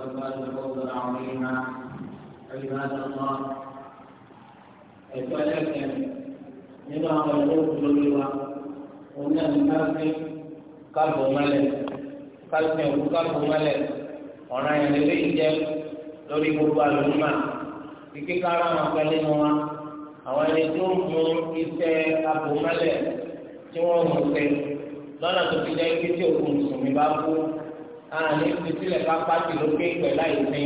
وقد فاز فوزا عظيما عباد الله ولكن nínú àwọn ìlú lórí wa òun náà ní káfí káàbò mọ́lẹ̀ káfí òkú káàbò mọ́lẹ̀ ọ̀ràn ìrẹ̀lẹ̀ yìí jẹ́ lórí gbogbo àlùmọ́ kíkí kára wọn pẹ́ nínú wa àwọn ẹni tó ń mú iṣẹ́ káàbò mọ́lẹ̀ tí wọ́n mú pé lọ́nà tó fi jẹ́ kí tí òkú mùsùlùmí bá kú àní ìfisílẹ̀ bá pàṣẹ lókè pẹ̀lú àìsí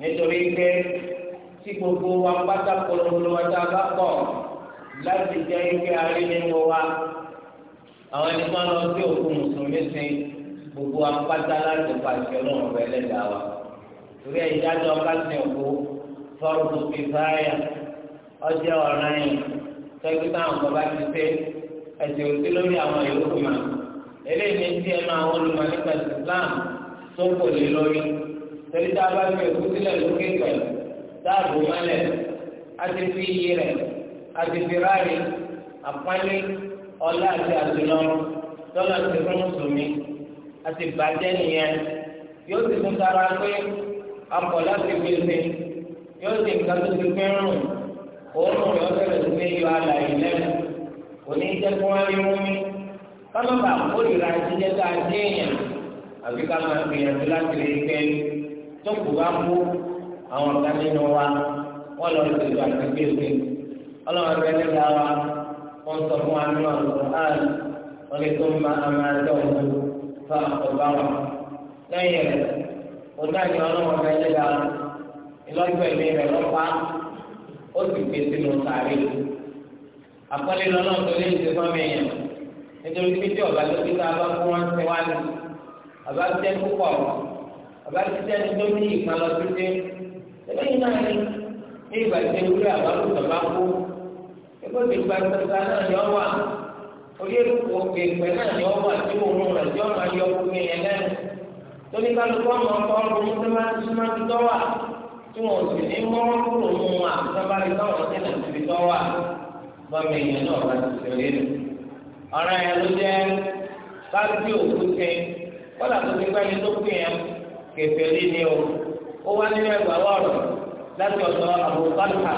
nítorí pé tí gbogbo wa pátá polówó wa tá a bá pọ̀ láti jẹ́ ike arí nínú wa àwọn ẹni máa lọ sí òkú mùsùlùmí sí gbogbo wa pátá láti pàṣẹ lọ́wọ́ rẹ̀ lẹ́dàá wa torí ìdájọ́ kásìn òkú fọ́ọ̀rù kìfáyà ọjọ́ ọ̀ràn yìí tẹ́gbẹ́ táwọn kan bá ti ṣe ẹ̀sìn òsì lórí àwọn ìlú kùmà eléyìí tí ẹ máa wọlé wọn nípa Islam tó kò lè lórí torí tá a bá fi òkú sílẹ̀ lókè pẹ̀lú dáàbò mọ́lẹ̀ a ti fi iye rẹ̀ a ti fi ráàyè àpọ́nlé ọlá àti àtìlọ́rùn tọ́lá ti fún mùsùlùmí a ti bàjẹ́ nìyẹn yóò ti tún tara pé akọ̀ láti gbèsè yóò ti nǹkan tó ti pín rùn òórùn yóò tẹ̀lé sí yọ àlàyé lẹ́nu kò ní jẹ́ kí wọ́n rí mú mi kálọ́bà kórìíra jíjẹ́ tá a jẹ́ èèyàn àbí ká máa gbìyànjú láti rí i pé tó kù bá kú àwọn ọ̀gá nínú wa wọ́n lọ sí ìlú àti gbèsè ọlọ́run ẹgbẹ́ nígbà wa wọ́n sọ fún wa nínú àlùkò áàlù wọ́n lè tó máa amáyájọ́ òun fún àkọ́bá wa lẹ́yìn rẹ̀ onáyẹ ọlọ́run ẹgbẹ́ nígbà wa ìlọ́gbẹ̀ mi rẹ̀ lọ́pá ó sì gbèsè lọ́sàárì àpọ́nlé lọ́nà tó nítorí pé tí ọba lóbi tá a bá fún wọn ṣe wá ní ọba tẹ púpọ̀ ọba tẹ ní tó ní ìkan lọ títí eléyìí náà ní ní ìgbà tí ewúrẹ́ àbálòpọ̀ bá kú ẹgbẹ́ ti gba ìgbàgbà náà yọ wà orí èkó ìgbẹ́ náà yọ wà tí òun rẹ̀ yọ máa yọ fún mi yẹn lẹ́nu tóní kálukú ọmọ ọkọ ọdún tó máa ti máa ti tọ́ wà tí wọn sì ní mọ́wọ́ kúrò mú wọn àti sábà rí káwọn sí náà ti ti ọ̀ràn yẹn ló jẹ́ káàdì òkú ṣe kọ́lá tó ti pẹ́ ní tó pè yẹn kẹfẹ́ rí ni o ó wá nínú ẹgbà wọ́ọ̀rọ̀ láti ọ̀dọ̀ àbúkálùkà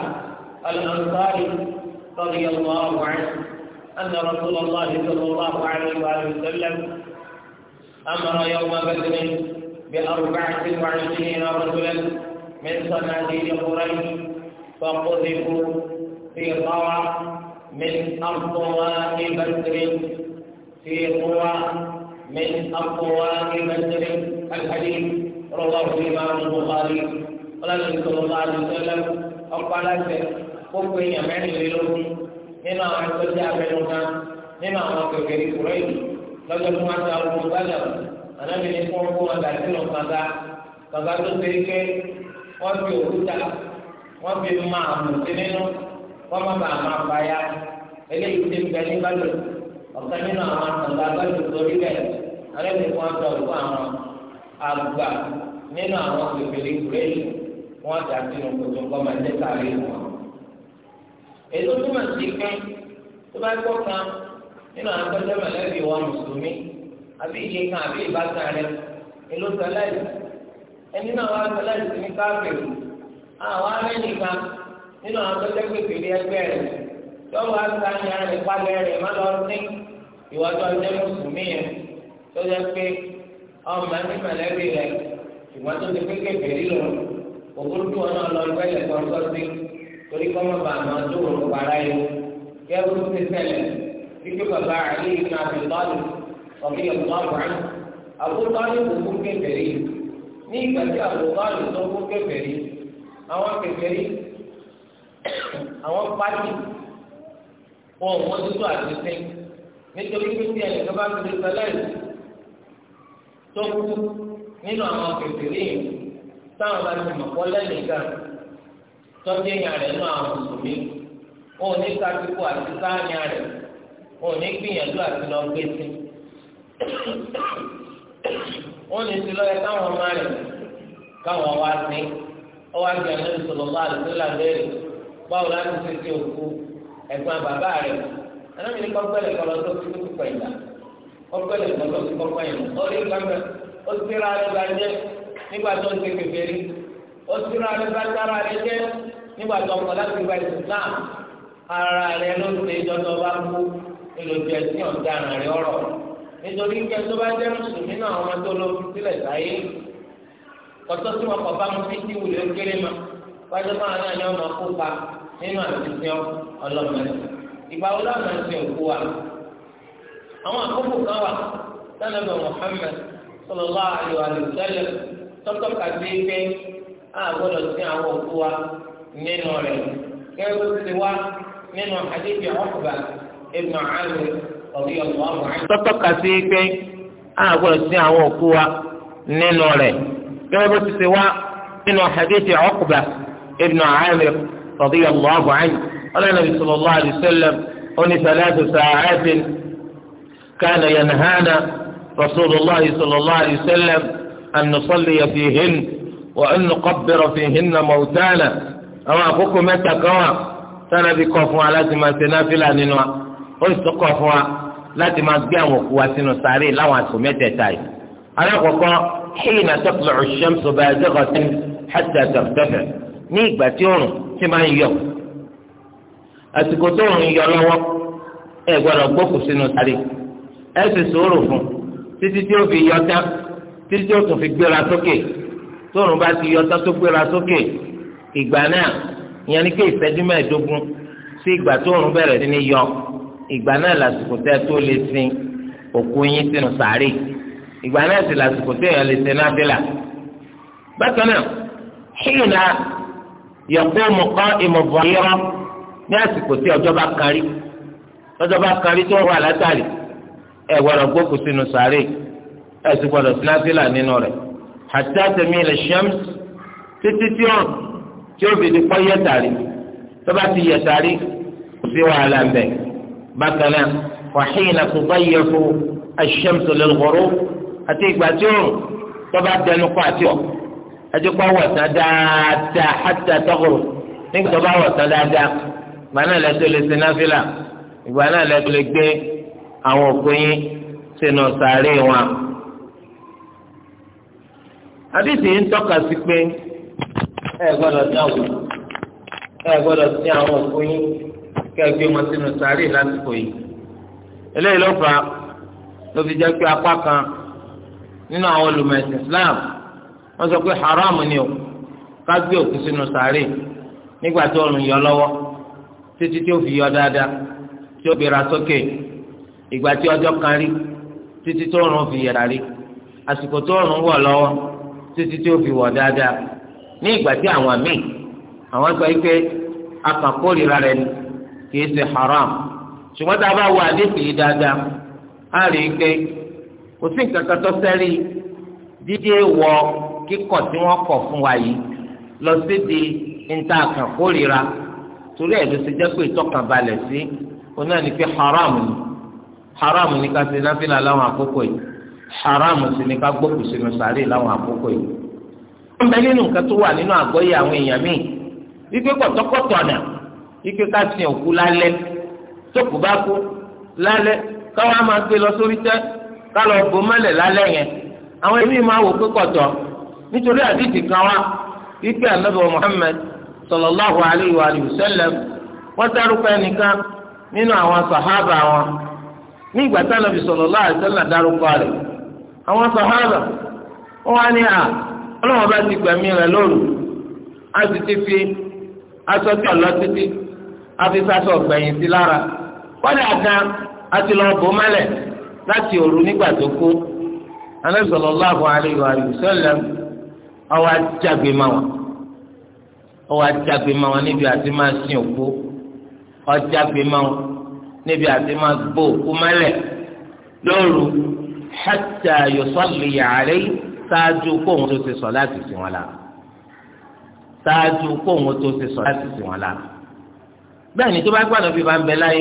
alùpàdé lọ́dí ọ̀gbọ́n ọ̀gbọ́n أن رسول الله صلى الله عليه وآله وسلم أمر يوم بدر بأربعة وعشرين رجلا من صناديد قريش فقذفوا في طوى من أقوام بدر في قوى من أقوام بدر الحديث رواه الإمام البخاري قال صلى الله عليه وسلم أقبل كفر يمن للوم مما أنتجع بيننا مما أنتجع قريب lọ́jọ́ fún wọn ta ọkọ̀ gbálẹ̀ ànábi ní fún ọkọ̀ ọ̀dà sínú kàga kàga tó ṣe é ké wọ́n fi òkúta wọ́n fi máa mú sí nínú wọ́n má bàa máa fa ya eléyìí ti ń bẹ ní bálò ọ̀kan nínú àwọn àtàlà bálò torí rẹ̀ alẹ́bìnrin wọn dọ̀ fún àwọn àgbà nínú àwọn gbèbèrè kúrẹ́ẹ̀lì wọn dà sínú kòtò kọ́ máa dé sáré wọn. èso túmọ̀ sí pé tó bá gbọ́ kan nínú àwọn akọ́jọ́ mọ̀lẹ́bí wọn mùsùlùmí àbí iye kan àbí ìbátan rẹ̀ èló sọláìsì ẹni náà wá sọláìsì ní káfíìn àwọn arẹ́nìkan nínú àwọn akẹ́kọ̀ọ́ kékeré ẹgbẹ́ rẹ̀ lọ́wọ́ àtàyà rẹ̀ palẹ̀ rẹ̀ má lọ sí ìwọ́jọ́ ọjọ́ mùsùlùmí yẹn tó yẹ pé ọmọ ní mọ̀lẹ́bí rẹ̀ ìwọ́n tó ti kéke bèrè lọ òkúrúkú ọ̀nà ọlọ́gbẹ́lẹ̀ kọ́ńtọ́ sí torí kọ́mọ bàmọ́ tó rò para yìí kẹ́rù ti ṣẹlẹ̀ kíkẹ́ bàbá àlè ìgbà àbíkọ́lù ọ̀bí ọ̀gbọ́n àbúkọ́lù òkú kékeré ní ìgbà àwọn pàtì ohun wọn tuntun àti sẹ nítorí pé tí ẹnìkan bá fi sẹlẹ̀rì tó kú nínú àwọn kékeré táwọn bá ti mọ̀kọ́ lẹ́nìkan tọ́jú èèyàn rẹ̀ nú àwọn mùsùlùmí òun ní kápíkù àti sáàyàn rẹ̀ òun ní gbìyànjú àti lọ gbé sí òun ní ti lọ́yẹ káwọn máa rẹ̀ káwọn wá sí ọwọ́ àgbẹ̀ ẹ̀rọ ìṣòro bá àdúgbò làbẹ́rẹ́ báwo la ti ṣe ṣe òkú ẹ̀gbọ́n bàbá rẹ̀ anábìrì kọ́pẹ́lẹ̀ kọ́ lọ́dọ́ sí kókó ìlà kọ́pẹ́lẹ̀ kọ́ lọ́dọ́ sí kókó ìlà ó lè gbàgbẹ́ ó ti ra rẹ̀ bá jẹ́ nígbà tó ń ṣe kékeré ó ti ra rẹ̀ bá dára rẹ̀ jẹ́ nígbà tó ń kọ́ láti gba ìsìlám ara rẹ̀ ló ń ṣe ìjọ́tọ̀ bá kú ìlòjì ẹ̀sìn ọ̀daràn rẹ̀ ọ̀rọ̀ nítorí kí ẹ bá jẹ́ mùsùlùmí náà wọn tó lọ fi sílẹ̀ sáyé kọ́tọ́ tí wọn kọ̀ bá mu títí wù lé kéré ma wájú máa náà ni wọn kópa nínú àtúnṣe ọlọ́mọdé ìgbà wo lọ́nà ṣe òkú wa àwọn àkókò kan Muhammad sallallahu alaihi kàdé a gbọ́dọ̀ sí àwọn òkú wa nínú rẹ̀ kẹ́rù ti wá nínú àdébí ọ̀kùbà ibn Amir ọ̀rí ọ̀gbọ̀n kàdé pé a gbọ́dọ̀ sí àwọn òkú wa nínú ti wá nínú àdébí رضي الله عنه قال النبي صلى الله عليه وسلم أني ثلاث ساعات كان ينهانا رسول الله صلى الله عليه وسلم أن نصلي فيهن وأن نقبر فيهن موتانا أما أخوكم متى كوا سنبي كفوا لازم سنافلا ننوى oṣù kọfọ wa láti máa gbé àwọn òkú wa sínú sáré láwọn àtò mẹ́tẹ̀ẹ̀ta حين تطلع الشمس بازغة حتى ترتفع نيك ìgbà tí máa ń yọ àsìkò tó ń yọ lọ́wọ́ ẹ gbọ́dọ̀ gbókù sínú sáré ẹ sì sòrò fún títí tí ó fi yọ tán títí tí ó tún fi gbéra sókè tóòrùn bá ti yọ tán tó gbéra sókè ìgbà náà ìyẹn ni pé ìṣẹ́jú mẹ́ẹ̀ẹ́dógún sí ìgbà tóòrùn bẹ̀rẹ̀ sí ní yọ ìgbà náà lásìkò tẹ́ tó lè sin òkú yín sínú sáré ìgbà náà sì lásìkò tẹ́ yẹn lè sin náà ṣì yẹ̀kó mọ̀kọ́ ìmọ̀bọ̀ yẹ̀rọ ní àsìkò tí ọjọ́ bá kárí ọjọ́ bá kárí tó wà látàrí ẹ̀ wọ̀rọ̀ gbókù sínú sàárè ẹ̀ sì gbọ́dọ̀ sínáfílà nínú rẹ̀ hatta tamila shams títí tí ó tí ó fi di pọ́ yẹ̀tàrí tó bá ti yẹ̀tàrí sí wàhálà ń bẹ̀ bákan náà wa hina tudayyifu ash-shamsu lil-ghurub àti ìgbà tí ó tó bá dẹnu kọ́ àti ọ̀ ẹjọpọ wọtán dáadáa hàtà tọkùrù nígbà tó bá wọtán dáadáa ìgbà náà lẹtọ lè ṣe náfìlà ìgbà náà lẹtọ lè gbé àwọn òkú yín sínú sàárè wọn. àdìsí ń tọ́ka sí pé ẹ gbọ́dọ̀ dáwọ́ ẹ gbọ́dọ̀ sí àwọn òkú yín kẹgbẹ́ wọn sínú sàárè lásìkò yìí. eléyìí ló fà á jẹ́ pé apá kan nínú àwọn olùmọ̀ ẹ̀sìn Islam wọ́n sọ pé haramu ni o ká gbé òkú sínú sàárè nígbà tí oòrùn yọ lọ́wọ́ títí tí ó fi yọ dáadáa tí ó gbéra sókè ìgbà tí ọjọ́ kan rí títí tí oòrùn fi yẹra rí àsìkò tí oòrùn wọ̀ lọ́wọ́ títí tí ó fi wọ̀ dáadáa ní ìgbà tí àwọn míì àwọn sọ pé akàkórira rẹ̀ ni kìí ṣe haram ṣùgbọ́n tá a bá wọ àdéhùn yìí dáadáa á rí i kò sí nǹkan kan tó sẹ́rí dídé wọ kíkọ̀ tí wọ́n kọ̀ fún wa yìí lọ sí di níta kan kórìíra torí ẹ̀ ló ti jẹ́ pé ìtọ́kàn balẹ̀ sí oní àná pé haram ni haram ni ká ṣe náfìlà láwọn àkókò yìí haram sì ni ká gbókùn sínú sàárè láwọn àkókò yìí. wọ́n bẹ nínú nǹkan tó wà nínú àgọ́yé àwọn èèyàn míì wípé kọ̀tọ́kọ̀tọ̀ ọ̀nà wípé ká sin òkú lálẹ́ tókù bá kú lálẹ́ káwọn á máa gbé lọ sórí tẹ́ ká lọ bò mọ́lẹ̀ lálẹ́ yẹn àwọn ẹbí máa wò pé kọ̀tọ̀ nítorí àdìsí kan wá wípé anábọ̀ Muhammad sallallahu alayhi wa sallam wọ́n dárúkọ ẹnìkan nínú àwọn sàhábà wọn ní ìgbà tí sallallahu alayhi wa sallam dárúkọ rẹ̀ àwọn sàhábà wọ́n wá ní à ọlọ́wọ́n bá ti gbẹ̀mí lóru a sì ti fi aṣọ tí a fi lára wọ́n dà a ti lọ bò mọ́lẹ̀ láti òru nígbà tó kú sọlọ ọwọ ajagbe ma wọn ọwọ ajagbe ma wọn níbi àti máa sin òkú ọjagbe ma wọn níbi àti máa gbó òkú mẹlẹ lóru hatta yusalli yàrá ṣáájú kóhun tó ti sọ láti sìn wọn la ṣáájú kóhun tó ti sọ láti sìn wọn la bẹ́ẹ̀ ni tó bá gbàdọ̀ bí ba ń bẹ láyé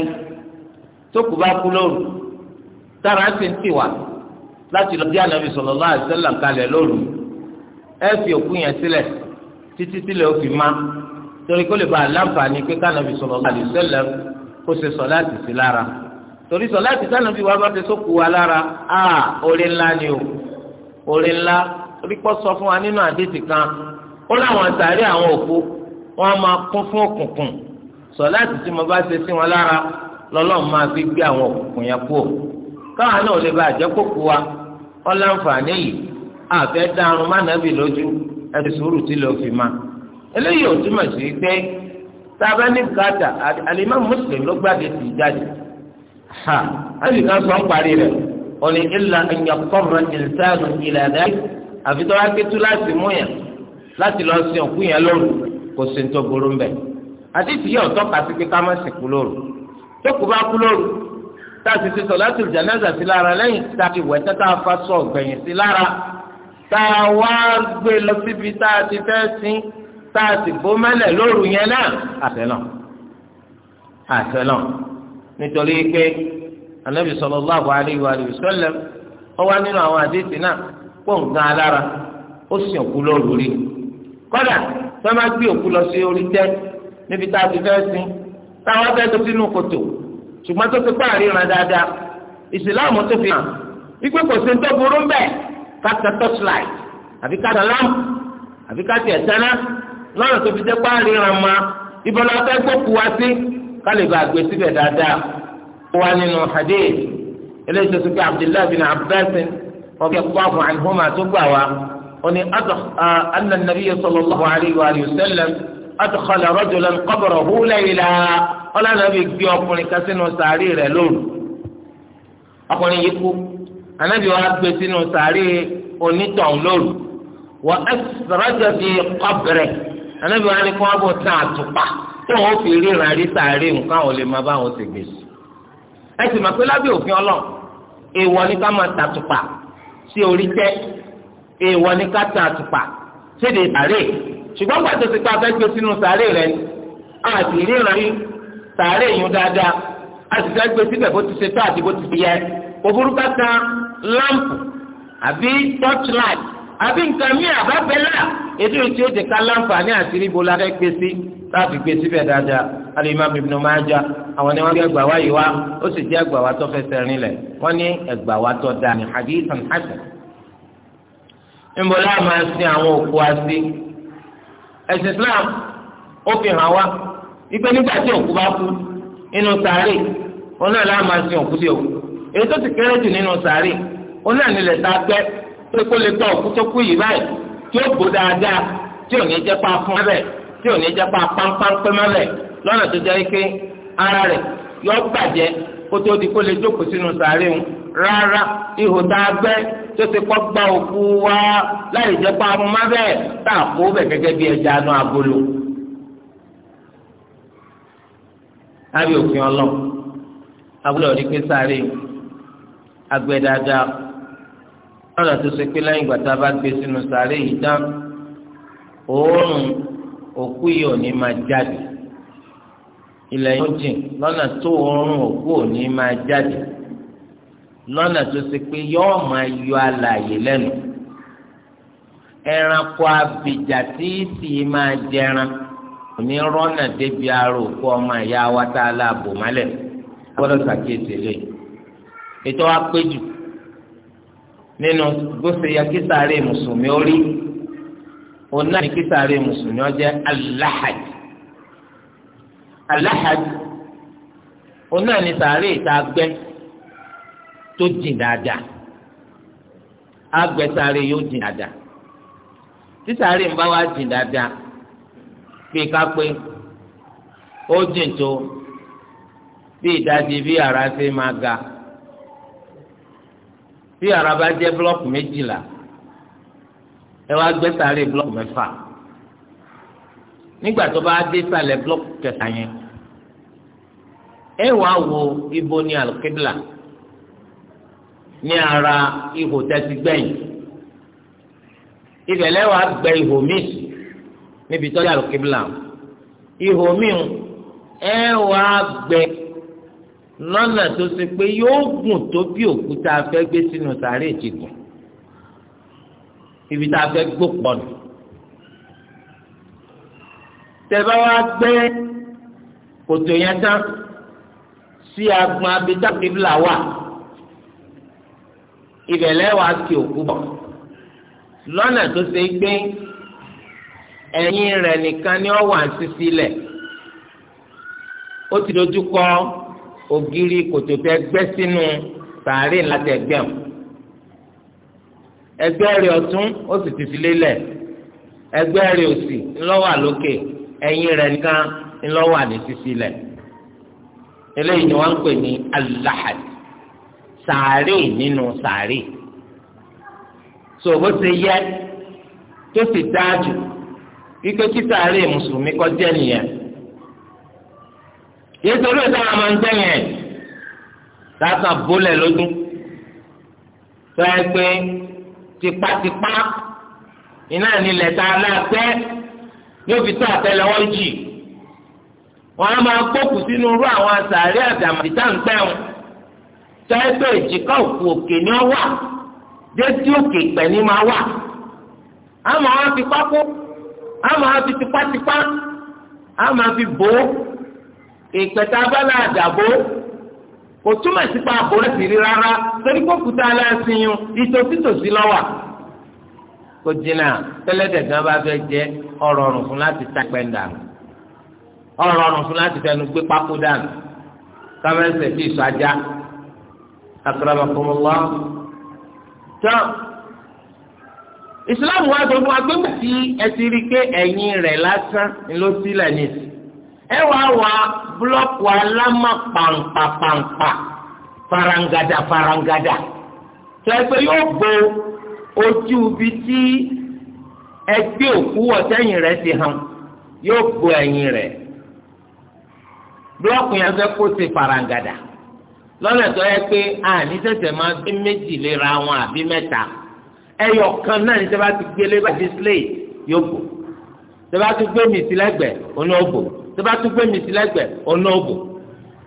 tó kù bá kú lóru tára ń sìn tì láti lọ bí ànábì sallallahu alaihi wasallam kalẹ̀ lóru ẹ fi òkú yẹn sílẹ̀ títí sílẹ̀ ó fi má torí kó lè bá aláǹfààní pé kánàbì sọ̀rọ̀ àlè sẹ́lẹ̀ kó ṣe sọ láti sí lára torí sọ láti kánàbì wà bá ti sókù wa lára a orí ńlá ni o orí ńlá orí pọ́ sọ fún wa nínú àdéhìí kan ó láwọn àtàrí àwọn òkú wọn máa kún fún òkùnkùn sọ láti tí mo bá ṣe sí wọn lára lọ́lọ́run máa fi gbé àwọn òkùnkùn yẹn kú o káwọn náà lè bá àjẹkókò wa ọ̀làǹfààní yìí àfẹ́ dárun má nàbì lójú ẹni sùúrù tí lè fi ma eléyìí ò túmọ̀ sí pé sábà ní bùkátà àlìmọ́ mùsùlùmí ló gbàdé tì jáde ha àbí kan sọ ń parí rẹ̀ òní ìlà ìyàkọ́rọ̀ ìlànà ìlànà àfi tó wá kétú láti mú yàn láti lọ sí òkú yẹn lóru kò sí ní tó burú mbẹ àti tìyẹ ọ̀tọ́ kàti pé ká má sì kú lóru tó kú bá kú lóru tá a ti sọ̀ láti ìjànáza sí lára lẹ́yìn tá a ti wẹ̀ tẹ́tà fa gbẹ̀yìn sí lára tá a wá gbé lọ síbi tá a ti fẹ́ sin tá a ti bó mẹ́lẹ̀ lóru yẹn náà àtẹ̀lọ́ àtẹ̀lọ́ nítorí pé anabi sallallahu alayhi wa sallam ó wà nínú àwọn àdéhìí náà pọ̀ nǹkan alára ó sì òkú lóru rí kódà fẹ́ máa gbé òkú lọ sí orí tẹ́ níbi tá a ti fẹ́ sin táwọn afẹ́ tó sínú kòtò ṣùgbọ́n tó ti pààrí ìran dáadáa ìsìláàmù tó fi hàn wípé kò sí ní tó burú bẹ́ẹ̀ káta torchlight àfi káta lamp àfi káta ẹ̀tẹ́ná lọ́nà tó fi jẹ́ páàlì ràn ma ìbọ̀lá fẹ́ gbókù wá sí kálíbà àgbẹ̀ síbẹ̀ dáadáa wá nínú hadith eléyìí tó ti pé abdullahi bin abbas radiyallahu anhuma tó gbà wá ó ní anna nabiyya sallallahu alayhi wa sallam adkhala rajulan qabrahu layla ọlọ́nà bí gbé ọkùnrin kan sínú sàárì rẹ̀ lóru ọkùnrin yìí kú anabi wa gbé sínú sàárè onítọ̀hún lóru wà ẹsẹ̀rọ̀jọ̀ fi kọ́bẹ̀rẹ̀ anabi wa ni kí wọ́n bọ̀ tán àtùpà tó wọn fi ríran rí sàárè nǹkan ò lè máa bá wọn ṣègbè sí. ẹ sì mọ̀ pé lábẹ́ òfin ọlọ́run èèwọ̀ ni ká máa tàtùpà sí orí tẹ́ èèwọ̀ ni ká tàtùpà síde sàárè ṣùgbọ́n gbàtọ́ ti pa abẹ́ gbé sínú sàárè rẹ a sì ríran rí sàárè yún dáadáa a sì fẹ́ gbé síbẹ̀ bó ti ṣe tó àti bó ti fi yẹ òfurufú kan lámpù àbí torchlight àbí nǹkan mí àbábẹ́là ètò ìtí ó ti ká láǹfààní àti ríbo la fẹ́ gbé sí láti gbé síbẹ̀ dáadáa alimami ibn Majah àwọn ni wọ́n gbé ẹgbàá wáyé wa ó sì jẹ́ ẹgbàá wa tó fẹsẹ̀ rinlẹ̀ wọ́n ní ẹgbàá wa tó dáa ní hadithan hasan. nbọ̀lá máa sin àwọn òkú wa sí ẹ̀sìn Islam ó fi hàn wá wípé nígbà tí òkú bá kú inú sàárè wọn náà láà máa sin òkú sí òkú èyí tó ti kéré jù nínú sàárì ó náà nílẹ̀ tá a gbẹ́ pé kó lè tọ́ òkú tó kú yìí báyìí tí ó bò dáadáa tí ò ní jẹ́ pa fún mẹ́bẹ̀ tí ò ní jẹ́ pa pánpánpẹ́ mẹ́bẹ̀ lọ́nà tó jẹ́ pé ara rẹ̀ yọ bàjẹ́ kó tó di kó lè jókòó sínú sàárì ń rárá ihò tá a gbẹ́ tó ti kọ́ gba òkú wa láì jẹ́ pa fún mẹ́bẹ̀ tá a kó bẹ̀ gẹ́gẹ́ bí ẹja anú agolo. lábẹ́ òfin ọlọ́ abúlé ọ̀rí pé sáré yìí agbẹ dáadáa lọ́nà tó ṣe pé lẹ́yìn ìgbà tá a bá gbé sínú sàárè yìí tán òórùn òkú yìí ò ní máa jáde ilẹ̀ ó jìn lọ́nà tó òórùn òkú ò ní máa jáde lọ́nà tó ṣe pé yọ́ọ́ máa yọ alàyè lẹ́nu ẹranko abìjà tí sì máa jẹran òní rọ́nà débi ara òkú ọmọ ìyá wa tá a láàbò mọ́lẹ̀ gbọ́dọ̀ ṣàkíyèsí lẹ́yìn. ètò apéjù nínú bó ṣe yẹ mùsùlùmí ó rí òun náà mùsùlùmí ó jẹ́ alahad alahad ni náà ìta gbẹ́ tó jìn dáadáa agbẹ́ sáré yóò jìn dáadáa tí sáré ń bá ká ara ṣe máa ga. bí yàrá bá jẹ́ búlọ́ọ̀kù méjìlá ẹ wá gbé sàárè búlọ́ọ̀kù mẹ́fà nígbà tó bá dé sàlẹ̀ búlọ́ọ̀kù kẹta yẹn ẹ wàá wo ibo ní alùkébìlà ní ara ihò tẹ́tí gbẹ̀yìn ibẹ̀ lẹ́wàá gbẹ ihò míì níbi tọ́jú alùkébìlà ihò míì ẹ wàá gbẹ lọ́nà tó ṣe pé yóò gùn tó bí òkúta afẹ́ gbé sínú sàárè ti gùn ibi tá a fẹ́ gbó pọ̀ nù. tẹ̀bá wa gbẹ́ kòtò yẹn tán sí agbọn abidá kìbìlà wà ibẹ̀ lẹ́wàá kí òkú bọ̀ lọ́nà tó ṣe gbé ẹ̀yìn rẹ̀ nìkan ni ó wà ń ó ti dojú kọ ògiri kòtò tẹ gbẹ́ sínú sàárè ńlá tẹ gbẹ́ wọn ẹgbẹ́ rẹ̀ ọ̀tún ó sì ti fi lélẹ̀ ẹgbẹ́ rẹ̀ òsì ńlọ́wà lókè ẹ̀yìn rẹ̀ nìkan ńlọ́wà ní sísí lẹ̀ eléyìí ni wọ́n ń pè ní alahad sàárè nínú sàárè so bó ṣe yẹ tó sì dáa jù wípé kí sàárè mùsùlùmí kọjá nìyẹn. yéésù olú ìtara máa ń tẹ̀yẹ̀ lásán bólẹ̀ lójú tó ẹ iná a tó àtẹlẹwọ́ jì wọ́n á máa gbókù sínú irú àwọn àtàrí àdàmàdì tá à ń òkú òkè ni wà òkè wà ìpẹ̀tà abala àdàbò kò túmọ̀ sí pa àbò láti rí rárá torí kó kúta aláṣiyún ìtòsítòsí lọ́wà kò jìnnà tẹ́lẹ̀dẹ̀ gan bá fẹ́ jẹ́ ọ̀rọ̀ ọ̀rùn fún láti ta ìpẹ́ dànù ọ̀rọ̀ ọ̀rùn fún láti fẹnu gbé pákó dànù kámẹ́sẹ̀ fi sọ ajá akramakumullah tán ìsìláàmù wa sọ fún wa pé kò sí ẹtì pé ẹ̀yìn rẹ̀ lásán ló sílẹ̀ nìyí ẹ wa wá búlọ́ọ̀kù alámà pàǹpàpàǹpà farangada farangada tó yóò bo ojú ibi tí ẹgbẹ́ òkú ọ̀tẹ́yìn rẹ̀ ti hàn yóò bo ẹ̀yìn rẹ̀ búlọ́ọ̀kù yẹn fẹ́ kó ṣe farangada lọ́nà tó yẹ pé àní tẹ̀sẹ̀ máa gbé méjì léra wọn àbí mẹ́ta ẹyọ kan náà ní sábà ti gbélé bá display yóò bò sábà ti gbé tó bá tún gbé mi sí lẹ́gbẹ̀ẹ́ ọ̀nà òbò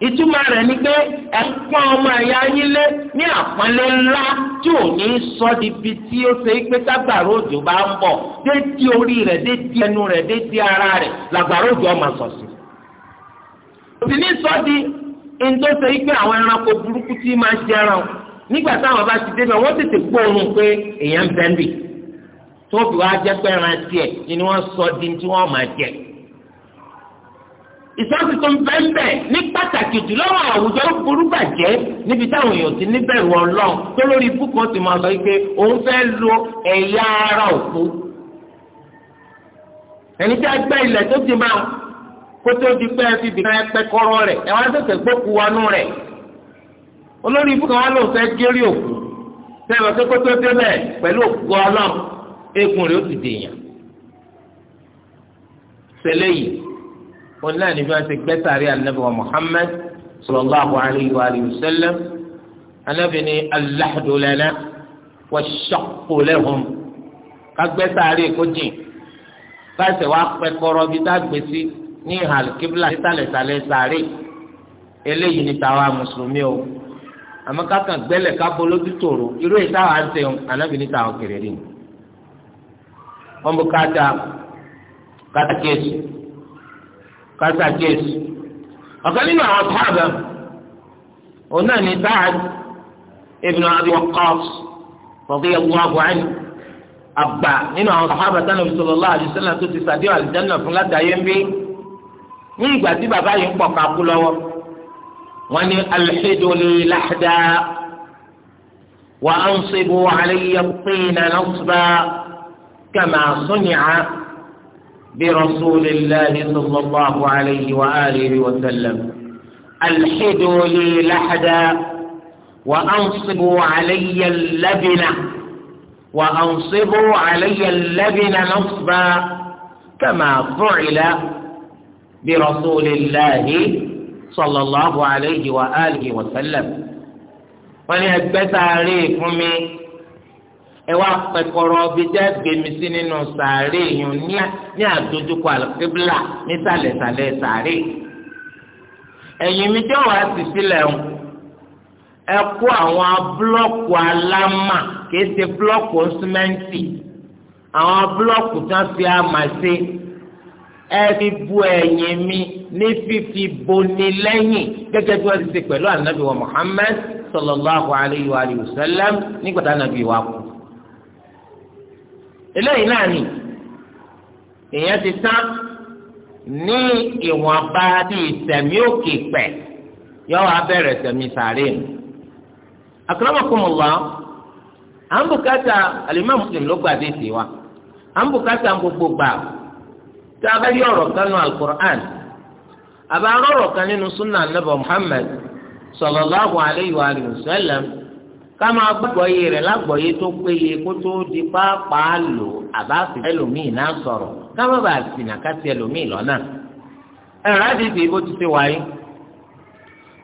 ìtumọ̀ rẹ̀ ni pé ẹ̀pọ́n ọmọ ẹ̀yà yín lé ní àpọ́nlé ńlá tí ò ní sọ di bi tí ó ṣe pé tágbàrá òjò bá ń bọ̀ dé di orí rẹ̀ dé di ẹnu rẹ̀ dé di ara rẹ̀ làgbàrá òjò ọmọ sọ̀sì. òsì ní sọ di ntó ṣe pé àwọn ẹranko burúkú tí máa jẹran nígbà táwọn bá ti débẹ̀ wọ́n tètè gbóòórùn pé èèyàn bẹ́ẹ̀ bì tó fi wá jẹ́ pé ẹran tiẹ̀ ni wọ́n sọ di tí wọ́n máa jẹ ìsọ́sí tó ń bẹ́ńbẹ́ ní pàtàkì jùlọ àwùjọ burú bàjẹ́ níbi táwọn èèyàn ti níbẹ̀rù ọlọ́run tó lórí ikú kan ti máa sọ pé òun fẹ́ lo ẹ̀yà ara òkú. ẹni tí a gbẹ́ ilẹ̀ tó ti máa kó tó di pé ẹ fi bìkan ẹ pẹ́ kọ́rọ́ rẹ̀ ẹ wá sẹ̀sẹ̀ gbókù wọnú rẹ̀. olórí ikú kan wá lóun fẹ́ gérí òkú sẹ́wọ̀n tó kó tó débẹ̀ pẹ̀lú òkú ọlọ́run wọn náà níbi wọn ti gbẹ́ sàárè anabi wa muhammed sallallahu alayhi wa sallam anabi ni alahdu lana wa shaqu lahum ká gbẹ́ sàárè kó jìn káṣẹ wa pẹ kọrọ bí tá a gbé sí ní alkibla sísàlẹ̀sàlẹ̀ sàárè eléyìí ni tàwa mùsùlùmí o àmọ́ kákan gbẹ́lẹ̀ kábọ lójú tòrò irú èyí táwa ń sẹun anabi ni tàwa kéré rí wọn bó káta káta kéésì kásá kéésì ọ̀kan nínú àwọn sábà òun náà ní Sa'ad ibn Abi Waqqas radiyallahu anhu àgbà nínú àwọn sàhábà tánà fi sallallahu alaihi wasallam tó ti sàdé àlùjáná fún látàyé ń bí tí bàbá yìí ń pọ̀ kakú lọ́wọ́ wọn ni alḥidoli laḥda wa anṣibu alayya tina nasba kama suni'a. برسول الله صلى الله عليه وآله وسلم ألحدوا لي لحدا وأنصبوا علي اللبنة وأنصبوا علي اللبن نصبا كما فعل برسول الله صلى الله عليه وآله وسلم ولأتبتع لي فمي ẹ wá pẹkọrọ ọbẹ jẹ gbèmí sí nínú sàárè yìí ní àdójúkọ àlùkébílà nísàlẹ̀sàlẹ̀ sàárè ẹ̀yìn mi jẹ́ wàá sì sílẹ̀ ń ẹ kó àwọn búlọ́ọ̀kù alámà kìí ṣe búlọ́ọ̀kù símẹ́ǹtì àwọn búlọ́ọ̀kù tí wọ́n fi àmà ṣe ẹ fi bu ẹ̀yìn mi ní fífi boni lẹ́yìn gẹ́gẹ́ bí wọ́n ti ṣe pẹ̀lú ànábì wa Muhammad sallallahu alayhi wa sallam nígbà tá ànábì wa eléyìí náà nì èèyàn ti tán ní ìwọ̀nba ti ìsẹ̀mí òkè pẹ̀ yọ wá sẹ̀mí sàárè nù. akramakumullah à ń bùkátà muslim ló gbàdé sí wa à ń bùkátà gbogbo gbà tí a bá rí ọ̀rọ̀ kan nínú alukur'an àbá rọ̀rọ̀ kan nínú sallallahu alayhi wa ká máa gbàgbọ́ yé rẹ̀ lágbọ̀ọ́yé tó péye kó tó di pàápàá lò àbáfi ẹlòmíì náà sọ̀rọ̀ ká má bàa ká ti ẹlòmíì lọ́nà. ẹ̀rọ àdìsí bó ti ti wáyé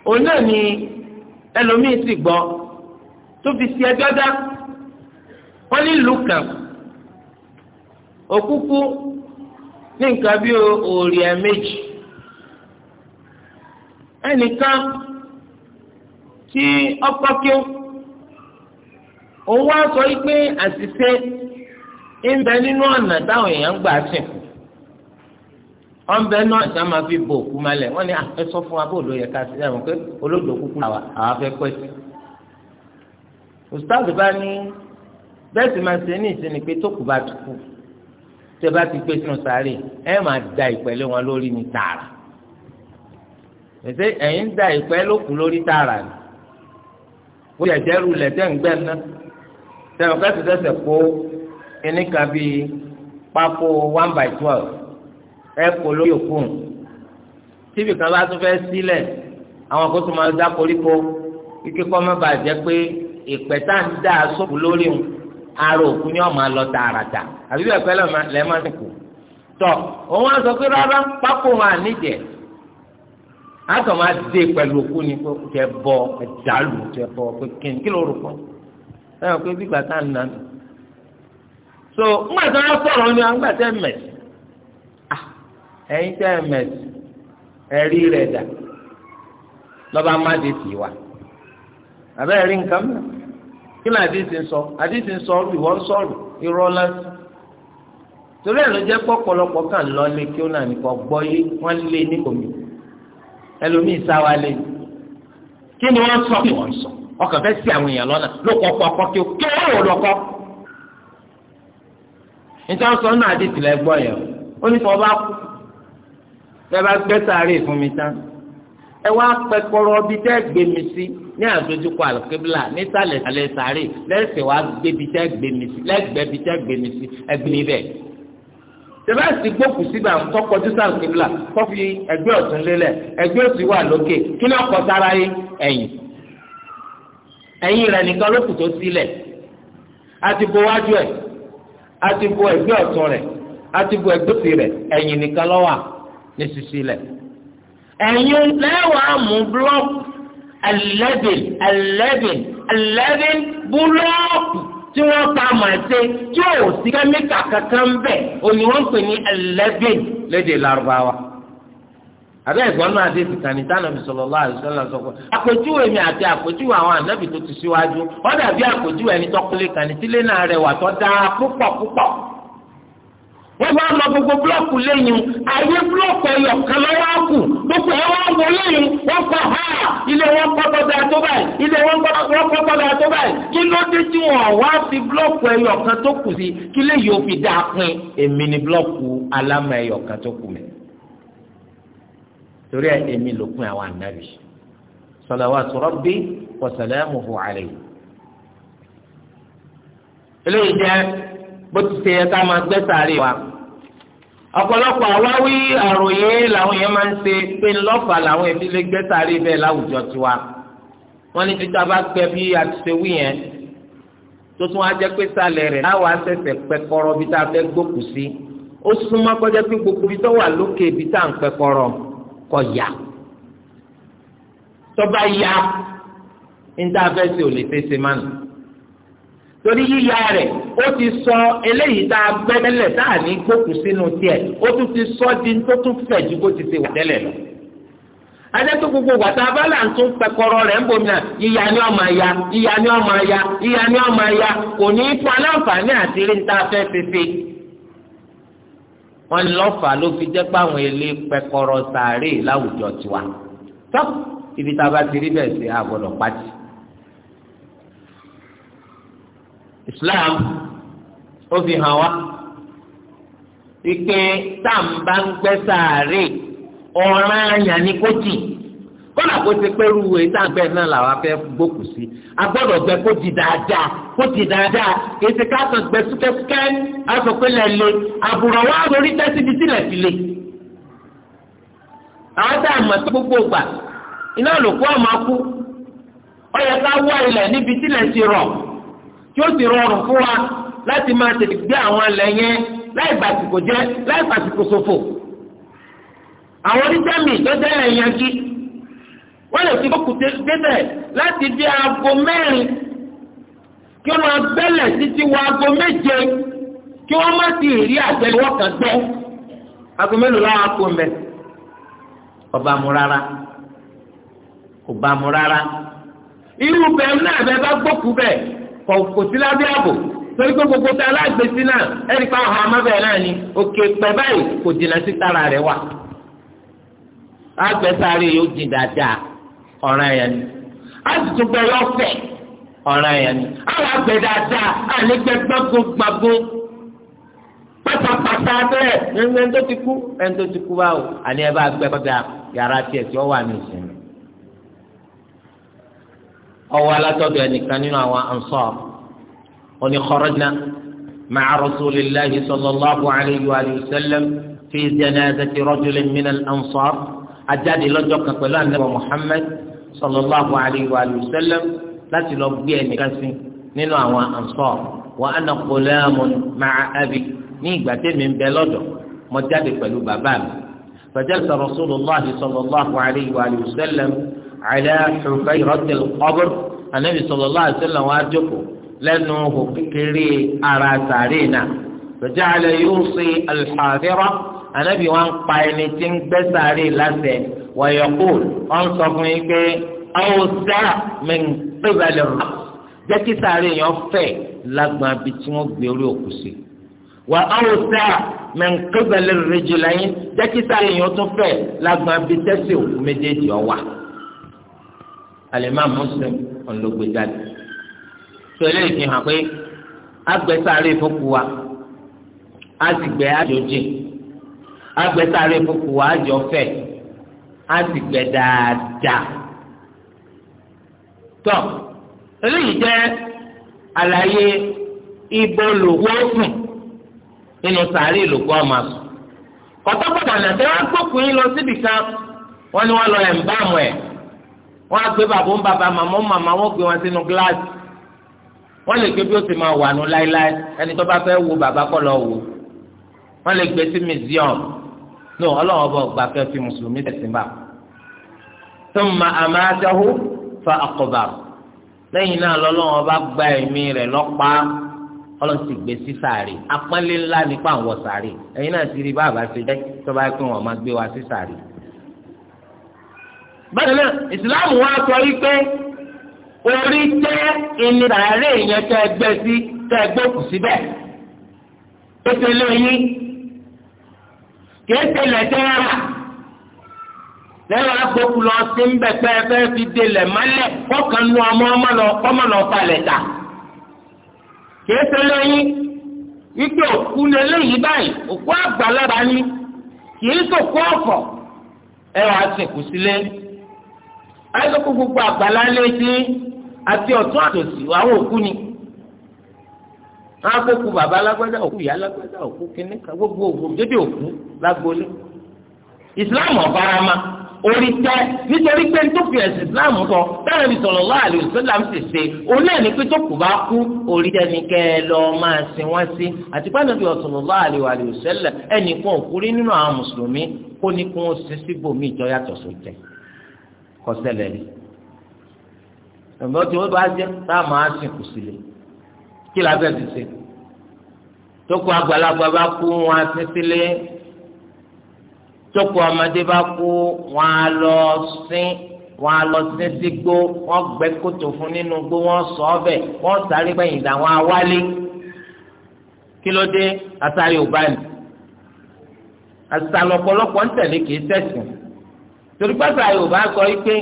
òun náà ni ẹlòmíì sì gbọ́ tó fi si ẹjọ́ dá wọ́n ní ìlú kan òkúkú ní nǹkan bí òòrì ẹ̀ òun wá sọ yìí pé àṣìṣe ń bẹ nínú ọ̀nà táwọn èèyàn ń gbà sìnkú wọn bẹ náà ṣá máa fi bo òkú malẹ̀ wọn ni ah, ẹ sọ fún wa bó ló yẹ ká sí ẹ mọ̀ pé olódò kúkú làwà àwa fẹ́ pẹ́ sí. ustaz bá ní bẹ́ẹ̀ sì máa ṣe ní ìsinmi pé tó bá ti kú tẹ bá ti gbé sínú sáré ẹ máa da ìpẹ́lẹ́ wọn lórí ní tààrà ẹ̀sẹ̀ ẹ̀yìn da ìpẹ́ ló lórí tààrà ni ó yẹ jẹ́rù lẹ́tẹ̀ ń gbẹ́ náà sẹ́wọ̀n kẹ́sì sẹ́sẹ̀ kó ẹnìkan bíi pákó one by twelve ẹ kó lórí òkun tíbi kan bá tún fẹ́ sílẹ̀ àwọn àkóso máa dá koríko kíkẹ́ kọ́ má bàa jẹ́ pé ìpẹ́tà ń dá sóòpù lórí òun ara òkú ni wọ́n máa lọ tààràtà àbí bẹ́ẹ̀ pẹ́ lẹ́ẹ̀ máa ń kú tọ òun á sọ pé rárá pákó wọn àníjẹ á sọ máa dé pẹ̀lú òkú ni pé kẹ bọ ẹ̀dá lù bọ pé kí ló rò pọ̀ ẹ̀rọ pé bígbà nna nna. so ńgbà tí wọ́n sọ̀rọ̀ ni wọ́n gbà Ah, mẹ̀sì ẹ̀yin tẹ́ mẹ̀sì ẹ̀rí rẹ̀ dà lọ́ba máde tì wá àbẹ́ nǹkan kí ni àdìsí ń sọ àdìsí ń sọ̀rọ̀ ìwọ ń sọ̀rọ̀ irọ́ lásán torí ló kí ó ọkàn fẹ́ sí àwọn èèyàn lọ́nà ló kọ́ ọkọ kí o kí o wọ́n lọ kọ́. nítorí sọ náà di tìlẹ̀ gbọ́ yẹn ó ní sọ bá kú tẹ́ bá gbẹ́ sáré fún mi tán ẹ wá pẹ kọrọ bí tẹ́ gbé mi sí ní àdójúkọ àlùkébílà nísàlẹ̀ sàlẹ̀ sáré lẹ́sẹ̀ wá gbé bí tẹ́ gbé mi sí lẹ́gbẹ́ bí tẹ́ gbé mi sí ẹgbẹ́ níbẹ̀ e tẹ̀bẹ́sì gbókù síbà kọ́kọ́jú sáà kébìlà kọ́fì ẹgbẹ́ ọ̀tún lélẹ̀ ẹgbẹ́ òsì wà lókè kí ni ọkọ̀ sára yín ẹ̀yìn ẹ̀yìn rẹ̀ nìkan ló kù tó sílẹ̀ àti bo wájú ẹ̀ àti bo ẹ̀gbẹ́ ọ̀tún rẹ̀ àti bo ẹ̀gbẹ́ òsì rẹ̀ ẹ̀yìn nìkan ló wà ní sísílẹ̀ ẹ̀yìn lẹ́wàá mú búlọ́ọ̀kù eleven eleven eleven búlọ́ọ̀kù tí wọ́n pa màtẹ́ tí ò sí kẹ́míkà kankan bẹ́ẹ̀ òní wọ́n pè ní eleven lédè lárúbáwá abẹ́ ẹ̀gbọ́n náà àti ìsìnkànnì tánàbì sallallahu alaihi wasallam pé àpèjúwe mi àti àpèjúwe àwọn ànábì tó ti síwájú ó dàbí àpèjúwe ẹni tọ́kùnlé kàní tílé náà rẹwà tó dáa púpọ̀ púpọ̀. wọ́n bá lọ gbogbo búlọ́ọ̀kù lẹ́yìn ayé búlọ́ọ̀kù ẹ̀yọ̀ kan lọ́wọ́ kù gbogbo ẹ̀ wọ́n wọ lẹ́yìn wọ́n kọ́ ha ilé wọn kọ́ tọ́da tó báyìí ilé wọn kọ́ tọ́da tó báyìí kí ló dé tí wọn wá fi búlọ́ọ̀kù ẹ̀yọ̀ kan tó kù torí èmi lòpin àwọn ànábì salawatu rabbi wa salamuhu alayhi. eléyìí jẹ́ bó ti ṣe yẹ ká máa gbé sáré wa ọ̀pọ̀lọpọ̀ àwáwí àròyé làwọn yẹn máa ń ṣe pé ńlọ́fà làwọn ẹbí lè gbé sáré bẹ́ẹ̀ láwùjọ tiwa wọ́n ní títa bá gbẹ bí a ti ṣe wí yẹn tó tún wá jẹ́ pé sálẹ̀ rẹ̀ láwa ṣẹ̀ṣẹ̀ pẹ́kọ́rọ́ bí tá a fẹ́ gbókù ó súnmọ́ kọjá pé gbogbo ibi tó wà lókè ibi tá à ń pẹ́kọ́rọ́ kọ ya tọba ya intanfẹsẹ ò lè fẹsẹ torí yíya rẹ ó ti sọ eléyìí tá a tá a ní gbókùn sínú ó tún ti sọ di tó tún fẹ̀ ju ti ṣe wà tẹ́lẹ̀ lọ adẹ́tò gbogbo wàtá abala ń tún pẹkọrọ yíya ni ya yíya ni ọmọ ya yíya ni ọmọ ya kò aláǹfààní àti wọn lọ́fà ló fi jẹ́ pé àwọn ilé pẹkọrọ sàárè láwùjọ tiwa tó ibi tá a bá ti rí bẹ́ẹ̀ sí àgbọ̀dọ̀ pàtì. Islam ó fi hàn wá wípé tá à ń bá ń gbẹ́ sàárè ọ̀ràn àyàn ní kò tì. kọ́nà kò ti pé irú ètò náà làwọn afẹ́ gbókù sí a gbọ́dọ̀ gbẹ kó di dáadáa kó di dáadáa kì í gbẹ súkẹ́súkẹ́ le. àbùrọ̀ wa tẹ́sí di gbogbo gbà iná lòkú ọmọ ká wá ilẹ̀ níbi ti rọ̀ tí ó rọrùn fún wa láti máa tètè gbé àwọn ilẹ̀ yẹn láì gbàsìkò láì gbàsìkò àwọn wọ́n lè fi kókù débẹ̀ láti bí aago mẹ́rin kí wọ́n máa bẹ́lẹ̀ títí wọ aago méje kí wọ́n má ti rí àtẹnuwọ́ kan gbẹ́ aago mélòó láwọn akó mbẹ ọba mu rárá ọba mu rárá irú bẹ́ẹ̀ náà bẹ́ẹ̀ bá gbókù bẹ́ẹ̀ kò sí lábẹ́ ààbò torí pé gbogbo náà ẹni pa amábẹ́ náà ni òkè pẹ́ kò sí tara rẹ̀ wà. yóò ọ̀ràn yẹn ni a sì tún gbẹ lọ́fẹ̀ ọ̀ràn yẹn ni àwọn àgbẹ̀ dáadáa àlégbẹ gbàgbó gbàgbó pátápátá bẹ́ẹ̀ ẹni tó ti kú ẹni tó ti kú báwo àní ẹ bá gbẹ kọjá yàrá tiẹ̀ tí ó wà ní ìsinmi ọwọ́ alátọ́dọ̀ ẹnìkan nínú àwọn ansar oní kharajna ma'a rasulillahi sallallahu alayhi wa sallam fi janazati rajulin min al-ansar ajáde lọ́jọ́ kan pẹ̀lú anabi muhammad sallallahu alayhi wa sallam láti lọ gbé ẹnìkan sí nínú àwọn ansar wa ana ghulamun ma'a abi ní ìgbà tèmi ń bẹ lọ́dọ̀ mo jáde pẹ̀lú bàbá mi fajalasa rasulillah sallallahu alayhi wa sallam ala hufayratil qabr anabi sallallahu alayhi wa sallam wa jókòó lẹ́nu hù kékeré ara sàárè náà faja'ala yusi al-hadira anabi wa pa ẹni tí ń gbẹ́ sàárè lásẹ̀ẹ́. ويقول أنصفني كي أوسع من قبل الرأس jẹ́kí sáré yẹn fẹ̀ lágbọ̀n abi tí wọ́n gbé orí òkú sí. wà á wò sá mẹ̀ǹkébẹ̀lẹ̀ rẹ̀jù lẹ́yìn jẹ́kí sáré yẹn tún fẹ̀ lágbọ̀n abi tẹ́sí òkú méjèèjì ọ̀wà. alimami muslim ọ̀nlọ́gbẹ̀jáde. sọlẹ̀ ìfi hàn pé agbẹ́sáré fúnku wa azìgbẹ́ àjọjì agbẹ́sáré fúnku wa àjọfẹ́ á sì gbẹ dáadáa tọ eléyìí jẹ àlàyé ibo lòwó sùn nínú sàárè lòkú ọmọ sùn kọtọkọtà nàdé wọn gbókùn yín lọ síbi kan wọn ni wọn lọ ẹ̀ ń bá àwọn ẹ̀ wọn á gbé bàbá ń bàbá màmá màmá wọn gbé wọn sínú gíláàsì wọn lè gbé bí ó ti máa wà nù láéláé ẹni tó bá fẹ́ wo bàbá kọ́ lọ wò wọn lè gbé sí museum no ọlọ́run ọba ọgbà kẹ́ fi mùsùlùmí tẹ̀sìn bá thumma amatahu fa aqbar lẹ́yìn náà lọ́lọ́run ọba gba ẹ̀mí rẹ̀ lọ́pa ọlọ́run ti gbé sí sàárè apọ́nlé ńlá nípa àwọn sàárè ẹ̀yin náà ti rí bàbá ṣe jẹ́ tó bá pín wọn máa gbé wa sí sàárè. bákan náà ìsìláàmù wa sọ wípé orí jẹ́ ìnira rẹ̀ yẹn tẹ́ gbé sí tẹ́ gbókù síbẹ̀ ó kéésì lẹ́tẹ́ rà lẹ́yìn agbóku lọ sí ń bẹ ma fi de lẹ̀ mọ́lẹ̀ kọ́kàn nu ọmọ ọmọ lọ kọ́mọ lọ falẹ̀ ta kéésì lẹ́yìn ike òkú ni eléyìí báyìí òkú àgbàlagbà ni kìí sòkú ọ̀fọ̀ ẹ wàá gbogbo àgbàlá létí àti ọ̀tún àtòsí àwọn òkú ni. akókò bàbá alágbádá òkú ìyá alágbádá òkú kínní gbogbo òkú dédé òkú lágbolé islam ọ̀barama orí tẹ nítorí pé tó fi ẹ̀sìn islam sọ táwọn ìsọ̀rọ̀ láàlú islam sì ṣe òun náà ní pé tó kù bá kú orí tẹ ní kẹ́ ẹ lọ máa sin wọ́n sí àti pé ànábì ọ̀sọ̀rọ̀ láàlú àlùyò sẹ́lẹ̀ ẹnì kan ò kúrí nínú àwọn mùsùlùmí kó ní kí wọ́n ṣe síbòmí ìjọ yàtọ̀ sójẹ́ kọ́sẹ́lẹ̀ rí ẹ̀mọ́ tí wọ́n bá jẹ́ táwọn máa sìn kù sílẹ̀ kí la fẹ́ fi ṣe tókù àgbàlagbà bá kú wọn á sin sílé tókù ọmọdé bá kú wọn á lọ sin wọn á lọ sin sí gbó wọn gbẹ́ kòtò fún nínú gbó wọn sọ ọbẹ wọn sáré gbẹ̀yìn dà wọn á wálé kí ló dé àtàrí ń tẹ̀lé kìí sẹ̀sìn torí pátá Yorùbá sọ wípé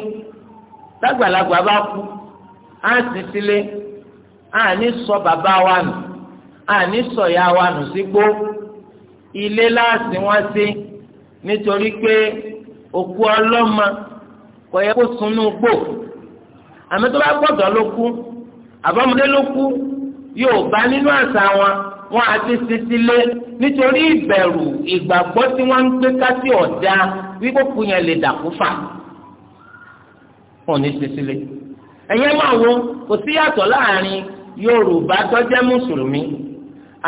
tágbàlagbà bá kú á sì àní sọ bàbá wa nù àní sọ ìyá wa nù sígbó ilé láàsì wọn sí nítorí pé òkú ọlọ́mọ kò yẹ kó sunú gbò àmì tó bá gbọ́dọ̀ ló kú àbọ̀mọdé ló kú yóò bá nínú àṣà wọn wọn àti sísílé nítorí ìbẹ̀rù ìgbàgbọ́ tí wọ́n ń gbé kásí ọ̀dá wípé kú yẹn lè dàkú fà wọn ò ní sísílé ẹ̀yẹ́ máa wo kò sí láàrin yorùbá tó jẹ́ mùsùlùmí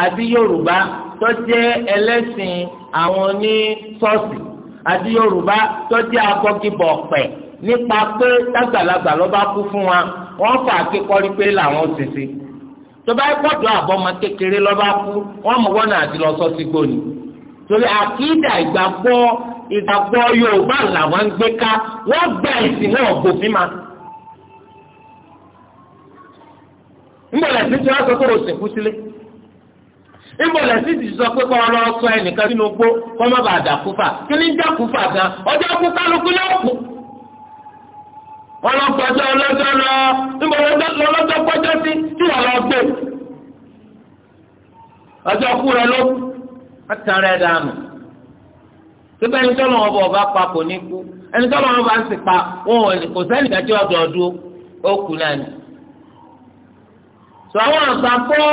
àti yorùbá tó jẹ́ ẹlẹ́sìn àwọn ní ṣọ́ọ̀ṣì àti yorùbá tó jẹ́ akọ́kíbọ̀ ọ̀pẹ̀ nípa pé tágbàlagbà ló bá kú fún wa wọ́n fà kékọ́rí pé làwọn ṣèṣe tó bá gbọ́dọ̀ àbọ̀mọ kékeré ló bá kú wọ́n mọ̀ wọ́n náà ti lọ sọ́ọ́sì gbòòní torí àkídà ìgbàgbọ́ ìgbàgbọ́ yorùbá làwọn ń gbé ká wọ́n gbà ìsìn náà gbòfin máa. ńbọ̀lẹ̀ sí ti wá sọ pé o sìnkú sílé ńbọ̀lẹ̀ sí ti sọ pé kọ́ ọ lọ sọ ẹnìkan sínú gbó kọ́ má bàa dà kúfà kí ni já kúfà gan ọjọ́ kú kálukú yóò kú ọlọ́gbọ́jọ́ ọlọ́jọ́ lọ ńbọ̀lẹ̀ lọ́lọ́jọ́ gbọ́jọ́ sí tí wọ́n lọ gbé ọjọ́ kú rẹ ló tán rẹ dànù síbẹ̀ ẹni tọ́lọ́ wọn bọ̀ ọba pa kò ní kú ẹni tọ́lọ́ wọn bá ń sì pa wọn ò kò sẹ́nìkan tí ọjọ́ ọdún ó kú náà ni sọ àwọn àgbàgbọ́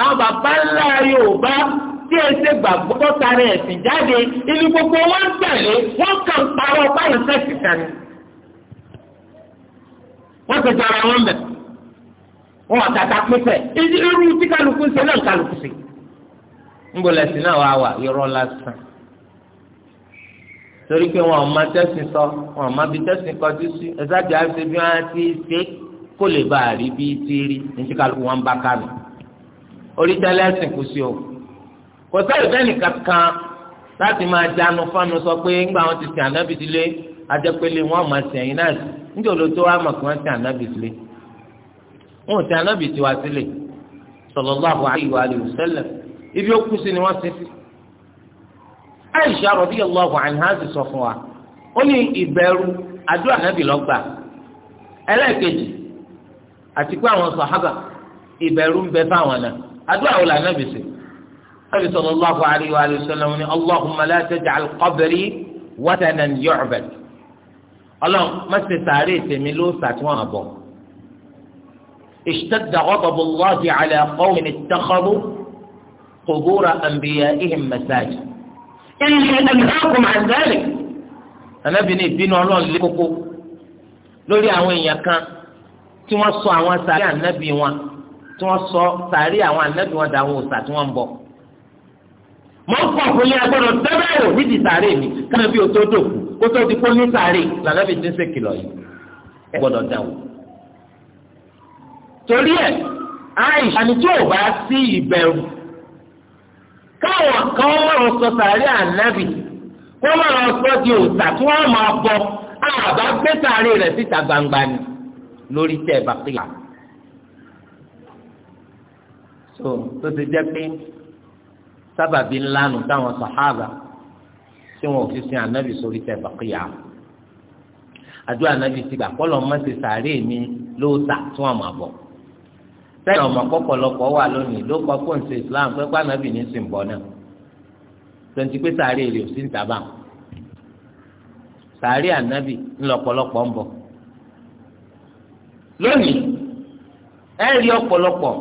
àwọn bàbá ńlá Yorùbá tí ẹ ṣe gbàgbọ́ tó tara ẹ̀sìn jáde inú gbogbo wọn ń tẹ̀lé wọn kàn parọ́ báyìí sẹ́ẹ̀sì sani. wọ́n ti jara wọn bẹ̀ wọ́n wà tata pípẹ́ irú tí kálukú ṣe náà kálukú ṣe. ń bọ̀ lẹ́sìn náà wà wà irọ́ lásán. torí pé wọn ò máa tẹ́sìn sọ wọn ò máa fi tẹ́sìn kọjú sí ẹ̀sájà ṣe bí wọ́n ti ṣe é. kó lè bá a rí bí ti rí nítorí wọn bá orí tẹ́lẹ̀ ẹ̀sìn kù sí o kò sẹ́yìn bẹ́ẹ̀ nìkan kan láti máa jánu fánu sọ pé ńgbà wọn ti sìn ànábì sílé ajẹpẹlẹ wọn máa sìn ẹ̀yìn náà sí nítorí olóòótọ́ wa mọ̀ kí sìn ànábì sílé wọn ò sìn ànábì tiwa ni wọ́n sọ fún wa ó ní ìbẹ̀rù ànábì àti pé àwọn sàhábà ìbẹ̀rù ń bẹ fáwọn náà àdúrà wò lànà bìsì ẹbí sallallahu alaihi wa sallam ní Allahumma la taj'al qabri watanan yu'bad Ọlọ́run má ṣe sàárè tèmi ló sàtúwọn àbọ ishtadda ghadabullahi ala qawmin ittakhadhu qubura anbiya'ihim masajid. ẹnì ẹnìkàkùn àgbẹ̀rẹ̀. ànábìíní ìbínú ọlọ́run lé tí wọ́n sọ àwọn sàárì ànábì wọn tí wọ́n sọ sàárì àwọn ànábì wọn dàwọn òòṣà tí wọ́n ń bọ̀. mọ ń kọ̀ fún yín agbọ́dọ̀ dábẹ́rò nídìí sàárì mi káná bí o tó dòkú kó tó ti kó ní sàárì lànàbì ti ń ṣe kìlọ̀ yìí ẹ gbọ́dọ̀ dáwọ́. torí ẹ àìsàn àni tí ò bá sí ìbẹ̀rù káwọn kan máa sọ sàárì ànábì kó máa sọ di òòṣà tí wọ́n máa bọ àbá gbé sàárì rẹ̀ síta lórí tẹ bàkìyà so tó ti jẹ pé sábàbí ńlá nù táwọn sàhábà tí wọn ò fi sin ànábì sórí tẹ bàkìyà àdúrà ànábì ti gbà kọlọ mọ ti sàárè mi lóòótá tí wọn máa bọ sẹ́yìn ọmọ kọkọlọpọ wà lónìí ló kọ fóun ṣe islam pẹpẹ ànábì ní sìn bọ náà tonti pé sàárè rè ò sí ń tàbá sàárè ànábì ńlọ́pọ̀lọpọ̀ ń bọ̀. lónìí ẹ ọ̀pọ̀lọpọ̀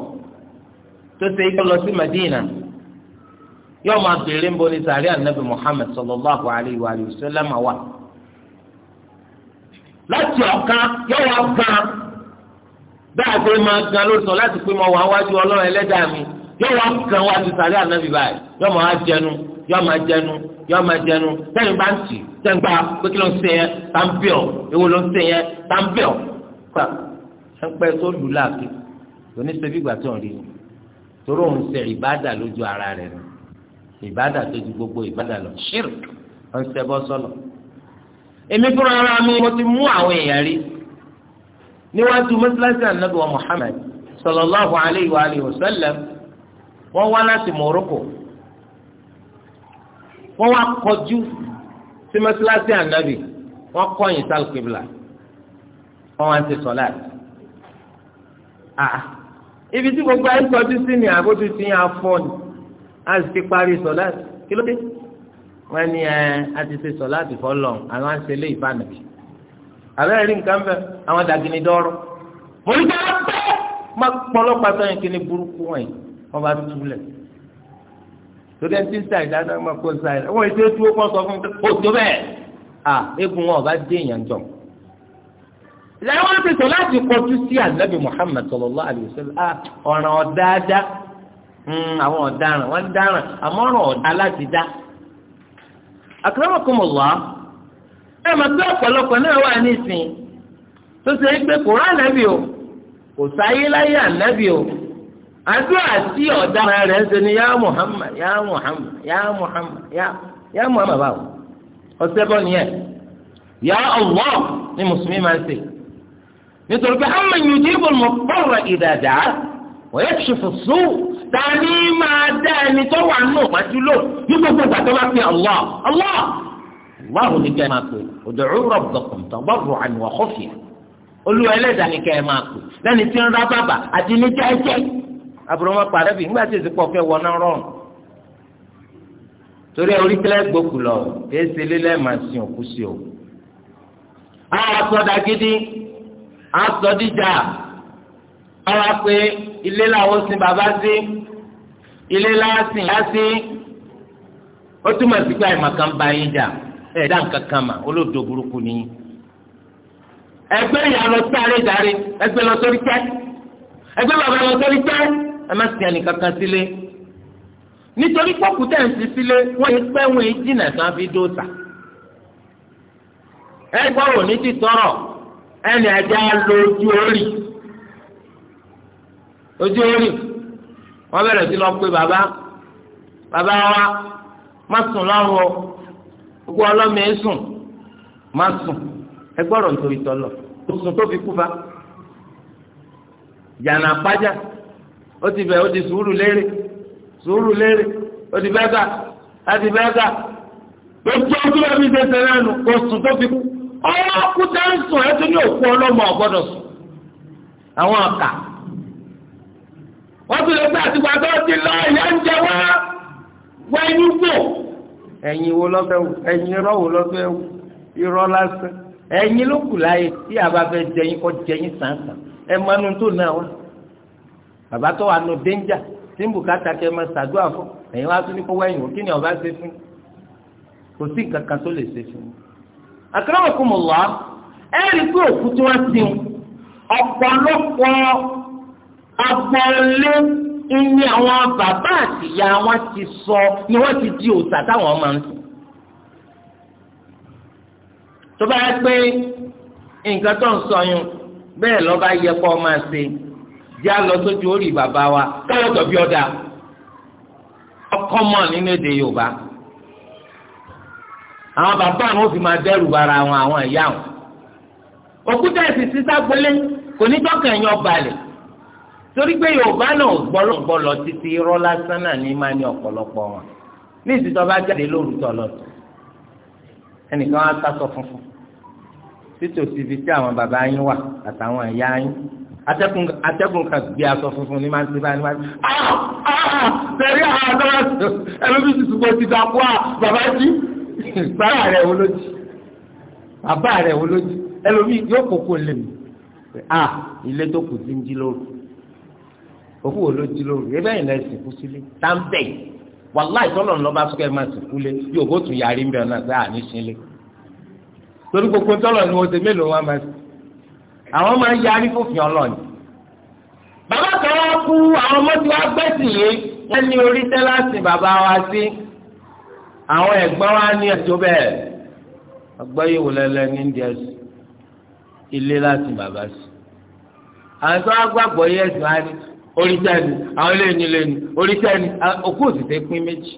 tó ṣe ikọ́ lọ sí Madina yóò máa bèèrè ń bọ̀ ní sàárẹ̀ anabi sallallahu alayhi wa sallam wa láti ọka yóò wá bẹ́ẹ̀ máa láti pé wà wájú ọlọ́run mi yóò wá wájú sàárẹ̀ anabi báyìí yóò máa jẹnu yóò máa jẹnu yóò máa jẹnu sẹ́yìn bá ń tì sẹ́yìn gbà pé kí ló ń ṣe yẹn tá ń ló ń ẹ pẹ́ tó lù láàfin òní ṣe bí ìgbà tó ń rí ni torí òun ṣe ìbádà lójú ara rẹ̀ ni ìbádà tó ju gbogbo ìbádà lọ ṣírk ó ń ṣẹbọ sọlọ. èmi fúnra ara mi mo ti mú àwọn èèyàn rí níwájú mọ́sálásí ànábì wa Muhammad sallallahu alayhi wa alihi wa wọ́n wá láti Morocco wọ́n wá kọjú sí mọ́sálásí ànábì wọ́n kọ̀yìn sálùkìbìlà wọ́n wá ń ṣe sọ́láàtì. Ah, ibi tí gbogbo ayé kọjú sí ni àbójú ti yàn afọ ni a sì ti parí sọlá kí ló dé wọn ni ẹ a ti ṣe sọlá ti fọ lọ àwọn à ń ṣe lé ìbánibí àbẹ́rẹ́ rí nǹkan bẹ́ẹ̀ àwọn dàgìní dọ́rọ́ mo ní kí wọ́n pẹ́ má pọlọ́pàá sọ́yìn kí ni burúkú wọ̀nyí wọ́n bá túlẹ̀ torí ẹni tí ń sàyìn dáadáa máa kó sàyìn wọ́n ètò ètò ó kọ́ sọ fún mi kó tó bẹ́ẹ̀ à ah, eégún wọn ò bá dé èèyàn jọ̀ lẹ́wọ́n ti sọ láti kọjú sí anabi muhammed sallallahu alayhi wa sallam ah, ọ̀ràn ọ̀dáadá hmm, àwọn ọ̀daràn wọ́n dáràn àmọ́ ọ̀ràn ọ̀dá láti dá. akramakumullah ẹ máa gbé ọ̀pọ̀lọpọ̀ náà wà nísìn tó ṣe é gbé kóra ànábì o kò sáyé láyé ànábì o àdúrà sí ọ̀daràn rẹ̀ ń ṣe ni yá muhammad yá muhammad yá muhammad yá yá báwo ọ̀sẹ̀ bọ́ nìyẹn yá Allah ni mùsùlùmí máa ń ṣe nítorí pé hàn mẹ́yìn ojú ìbò mọ̀ bọ́ọ̀rọ̀ ìdàdà wọ́n yẹ kí fòsù tani máa dá ẹni tó wà nù pàtó lò ní gbogbo ìgbà tó bá fi Allah Allah Allah ní kẹ́ ẹ máa pè ud'u rabbakum tadarru'an wa khufya olú ẹlẹ́dàá ní kẹ́ ẹ máa pè lẹ́ni tí ń rá bàbà àti ní jẹ́jẹ́ àbúrò pàdé bì nígbà tí èsì pọ̀ fẹ́ wọ náà rọrùn torí orí kílẹ̀ gbòkù lọ èsì lílẹ̀ màá sin òkú sí asọdíjà ọ̀rọ̀ pé ilé làwọn sin bàbá sí ilé láàsìn láàsì ó túmọ̀ sí pé àìmọ̀kan bá yín jà ẹ̀dá nǹkan kan mà olóòdò burúkú ni yín. ẹgbẹ́ ìyá lọ sáré darí ẹgbẹ́ lọ sórí tẹ́ ẹgbẹ́ bàbá lọ sórí tẹ́ ẹ má sìn ẹnìkan kan sílé nítorí pọ́kú tẹ̀ ń fi sílé wọ́n yẹ pẹ́ wọ́n yẹ jìnnà sàn dóòtà ẹgbẹ́ òní ti tọrọ ẹnì ajá lo ojú orí ojú orí wọ́n bẹ̀rẹ̀ sí lọ pé bàbá bàbá wa má sùn lọ́rùn o gbogbo ọlọ́mọ ẹ̀ sùn má sùn ẹ gbọ́dọ̀ nítorí tọ́lọ̀ sùn tó fi kú fa yànnà pàjá ó ti bẹ̀ ó ti sùúrù lérè sùúrù lérè ó ti bẹ́ẹ̀ gà á ti bẹ́ẹ̀ gà gbogbo ọdún ẹ̀mí ṣẹṣẹ lẹ́nu kò sùn tó fi kú ọwọ́ akúta ń sùn ẹ tó ní òkú ọlọ́mọ ọ̀gbọ́dọ̀ sùn àwọn ọ̀kà wọ́n tún lè gbé àtìgbà tó ti lọ ìyá ń jẹ wá wẹ́yìn wò ẹ̀yin wo lọ́fẹ́ wò ẹ̀yin irọ́ wo lọ́fẹ́ wò irọ́ lásán ẹ̀yin ló kù láyé tí a bá fẹ́ jẹyin kọ́ jẹyin sàǹsàn ẹ mọ́nú tó náà wá bàbá tó wà nù dénjà tí ń bùkátà kẹ́ ẹ máa ṣàdúrà fún ẹ̀yin wá tún ní kó wẹ́yìn wò kí ni ọba akramakumullah ẹ̀rí pé òkú tí wọ́n sin ọ̀pọ̀lọpọ̀ agbọ̀nlé ìní àwọn bàbá àtìyá wọn ti sọ ni wọ́n ti di òòṣà táwọn máa ń sìn. tó bá yẹ pé nǹkan tó ń sọ yún bẹ́ẹ̀ lọ́ba yẹ kó o máa ṣe jẹ́ àlọ́ sójú orí bàbá wa káyọ̀ tọ̀ bí ọ̀dà ọkọ̀ mọ̀ nínú èdè Yorùbá àwọn bàbá àwọn òfin máa dẹ́rù bara àwọn àwọn ìyá wọn òkúta ẹ̀sìn sísá gbélé kò ní tọ́kàn ẹ̀yàn balẹ̀ torí pé yorùbá náà gbọlọgbọlọ títí irọ́ lásán náà ní máa ní ọ̀pọ̀lọpọ̀ wọn ní ìsìtọ́ bá jáde lórúkọ lọ́tọ̀ ẹnìkan á sásọ funfun títòsí ibi tí àwọn bàbá yín wà àtàwọn ìyá yín atẹ́kùn atẹ́kùn kan gbé aṣọ funfun ní máa ń tibá ní máa ń tibá. Ah, ah, tẹ̀lé àwọn àtàwọn ẹ̀rọ bí tuntun bó ti dàpọ̀ à bàbá jí bàbá rẹ̀ wo ló jì ẹlòmíì yóò kókó lè mi a ilé tó kù sí ń jí lóru òkú wo ló jí lóru ebe yìí lẹ́sìn kú sílé táǹbẹ̀ wàláì tọ́lọ̀ ńlọ bá sọ́kẹ́ máa sìnkú lé yóò bó tún yarí mbẹ́ náà sáà ní sílé torí gbogbo tọ́lọ̀ ni wọ́n ṣe mélòó wọn máa sìn àwọn máa ń yarí fòfin ọlọ́ọ̀ni bàbá kan wá kú àwọn ọmọ tí wọ́n gbẹ́sìn yìí wọ́n ní orí tẹ́lá àwọn ẹ̀gbọ́n wa ní ẹ̀tọ́ bẹ́ẹ̀ agbáyé wò lẹ́lẹ́ ní india sí ilé láti bàbá sí àwọn tó wá gbàgbọ́ yẹ ẹ̀sìn wa ní orí tẹ́ni àwọn lẹ́ni lẹ́ni orí tẹ́ni òkú òsìsẹ́ pín méjì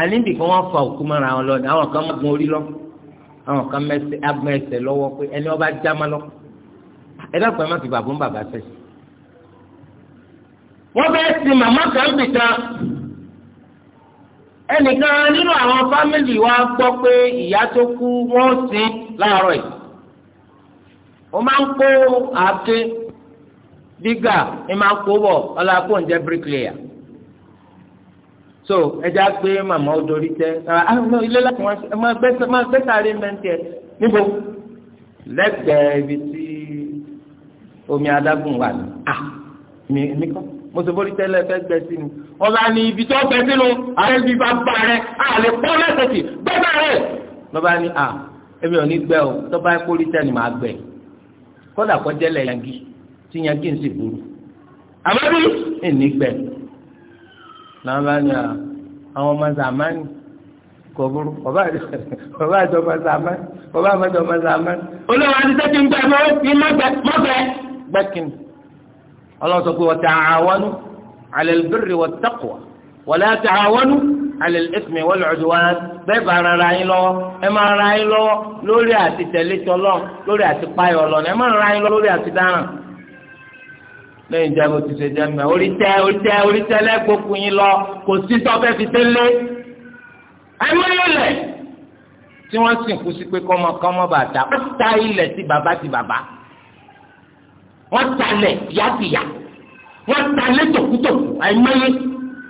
àníbì kan wọ́n fa òkú mọ́ra àwọn lọ́dẹ àwọn kan gun orí lọ àwọn kan mọ́ ẹsẹ̀ lọ́wọ́ pé ẹni ọba já má lọ ẹ dàgbà má fi bàbá ń bàbá sẹ́sì wọ́n fẹ́ẹ́ sin màmá kan bìtán ẹnìkan nínú àwọn fámìlì wa gbọ́ pé ìyá tó kú wọ́n sin láàárọ̀ yìí wọ́n máa ń kó àáké dígà ẹ máa ń kó bọ̀ ọlọ́pàá ń jẹ́ bíríkìlìyà so ẹja pé màmá ó dorí tẹ ah, ah, ilé láti wọn ẹ máa gbé sáré mẹ́ntì ẹ níbo lẹ́gbẹ̀ẹ́ ibi tí omi adágún wà ní à ah, mí kọ́ mo sọ bórí tẹ́lẹ̀ fẹ́ gbẹ sí ni ọba ni ibi tó bẹ sínú ààrẹ bíi bàbá rẹ àlè pọ́ lẹ́sẹ̀tì bàbá rẹ lọ́ba ni à èmi ò ní gbẹ o tọ́ba kórì tẹ́ni máa gbẹ kọ́dà kọ́jẹ́lẹ̀ yangi tí yangi ń sì burú àmọ́ bí ẹ̀ní gbẹ lọ́ba ní à àwọn ọmọ zamani kò burú ọba àjọba zamani ọba àjọba zamani olówó àti sẹ́kì ń gbẹ mọ́ ní mọ́gbẹ́ mọ́gbẹ́ gbẹ́kìn àwọn على البر والتقوى ولا تعاونوا على الإثم والعدوان bẹ́ẹ̀ bá ara yín lọ́wọ́ ẹ máa ara yín lọ́wọ́ lórí àti tẹ̀lé tọ́lọ́ lórí àti páyọ̀ lọ́nà ẹ máa ara yín lọ́wọ́ lórí àti dáràn. lẹ́yìn ìjà bó ti ṣe jẹ́ mẹ́ orí tẹ́ orí tẹ́ orí tẹ́ lẹ́gbọ̀kùn yín lọ kò sí sọ́fẹ́ fi tẹ́lé. ẹ̀mí ilẹ̀ tí wọ́n sìnkú sí pé kọ́mọ kọ́mọ bàtà ó ta ilẹ̀ sí bàbá sí bàbá wọ́n talẹ̀ yá sí yá wọ́n ta lé tòkútòkù àìmọye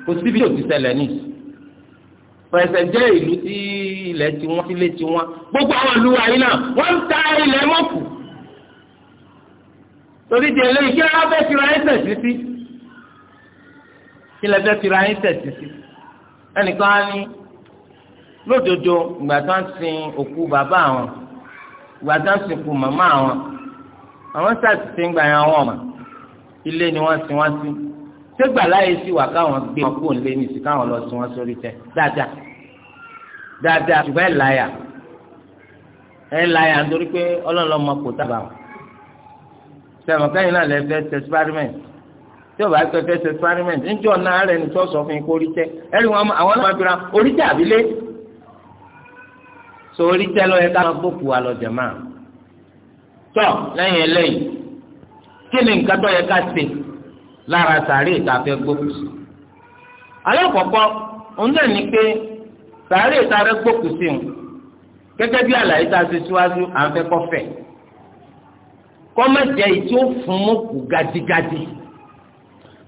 kò síbi tó ti ṣẹlẹ̀ ní. pẹ̀sẹ̀ jẹ́ ìlú tí ilẹ̀ ti wọ́n sílé ti wọ́n gbogbo àwọn ìlú wa yìí náà wọ́n ta ilẹ̀ mọ́kù. torí di eléyìí kí lọ́wọ́ fẹ́ tira ẹ̀ tẹ̀sí sí kí lọ́wọ́ fẹ́ tira ẹ̀ tẹ̀sí sí ẹnìkan á ní lódodo ìgbà tó ń sin òkú bàbá àwọn ìgbà tó ń sìnkú màmá àwọn àwọn sáà ti sin gbà yẹn àwọn ilé ni wọ́n sin wọ́n sí ṣégbà láyé sí wà káwọn gbé wọn kúrò nílé nìsí káwọn lọ sin wọn sórí tẹ dáadáa dáadáa ṣùgbọ́n ẹ̀ láyà ẹ̀ láyà nítorí pé ọlọ́run lọ́mọ kò tábà wọn sẹ́wọ̀n kẹ́yìn náà lẹ fẹ́ tẹ́sípárímẹ̀tì tí o bá fẹ́ fẹ́ tẹ́sípárímẹ̀tì níjọ́ náà rẹ̀ ní tó sọ fún yín kó rí tẹ́ ẹ̀rí wọn àwọn náà máa fi ra orí tẹ́ àbílé so orí tẹ́ lọ́yẹ ká máa gbókù máa tọ́ lẹ́yìn eléyìí kí ni nǹkan tó yẹ ká ṣe lára sàárè ìtafẹ́ gbókùsì. alákọ̀ọ́kọ́ òun náà ní pé sàárè ìtafẹ́ gbókùsì ń gẹ́gẹ́ bí àlàyé tá a ṣe síwájú à ń fẹ́ kọ́fẹ́ kọ́mẹ́jẹ yìí tí ó fún mọ́kù gadigadi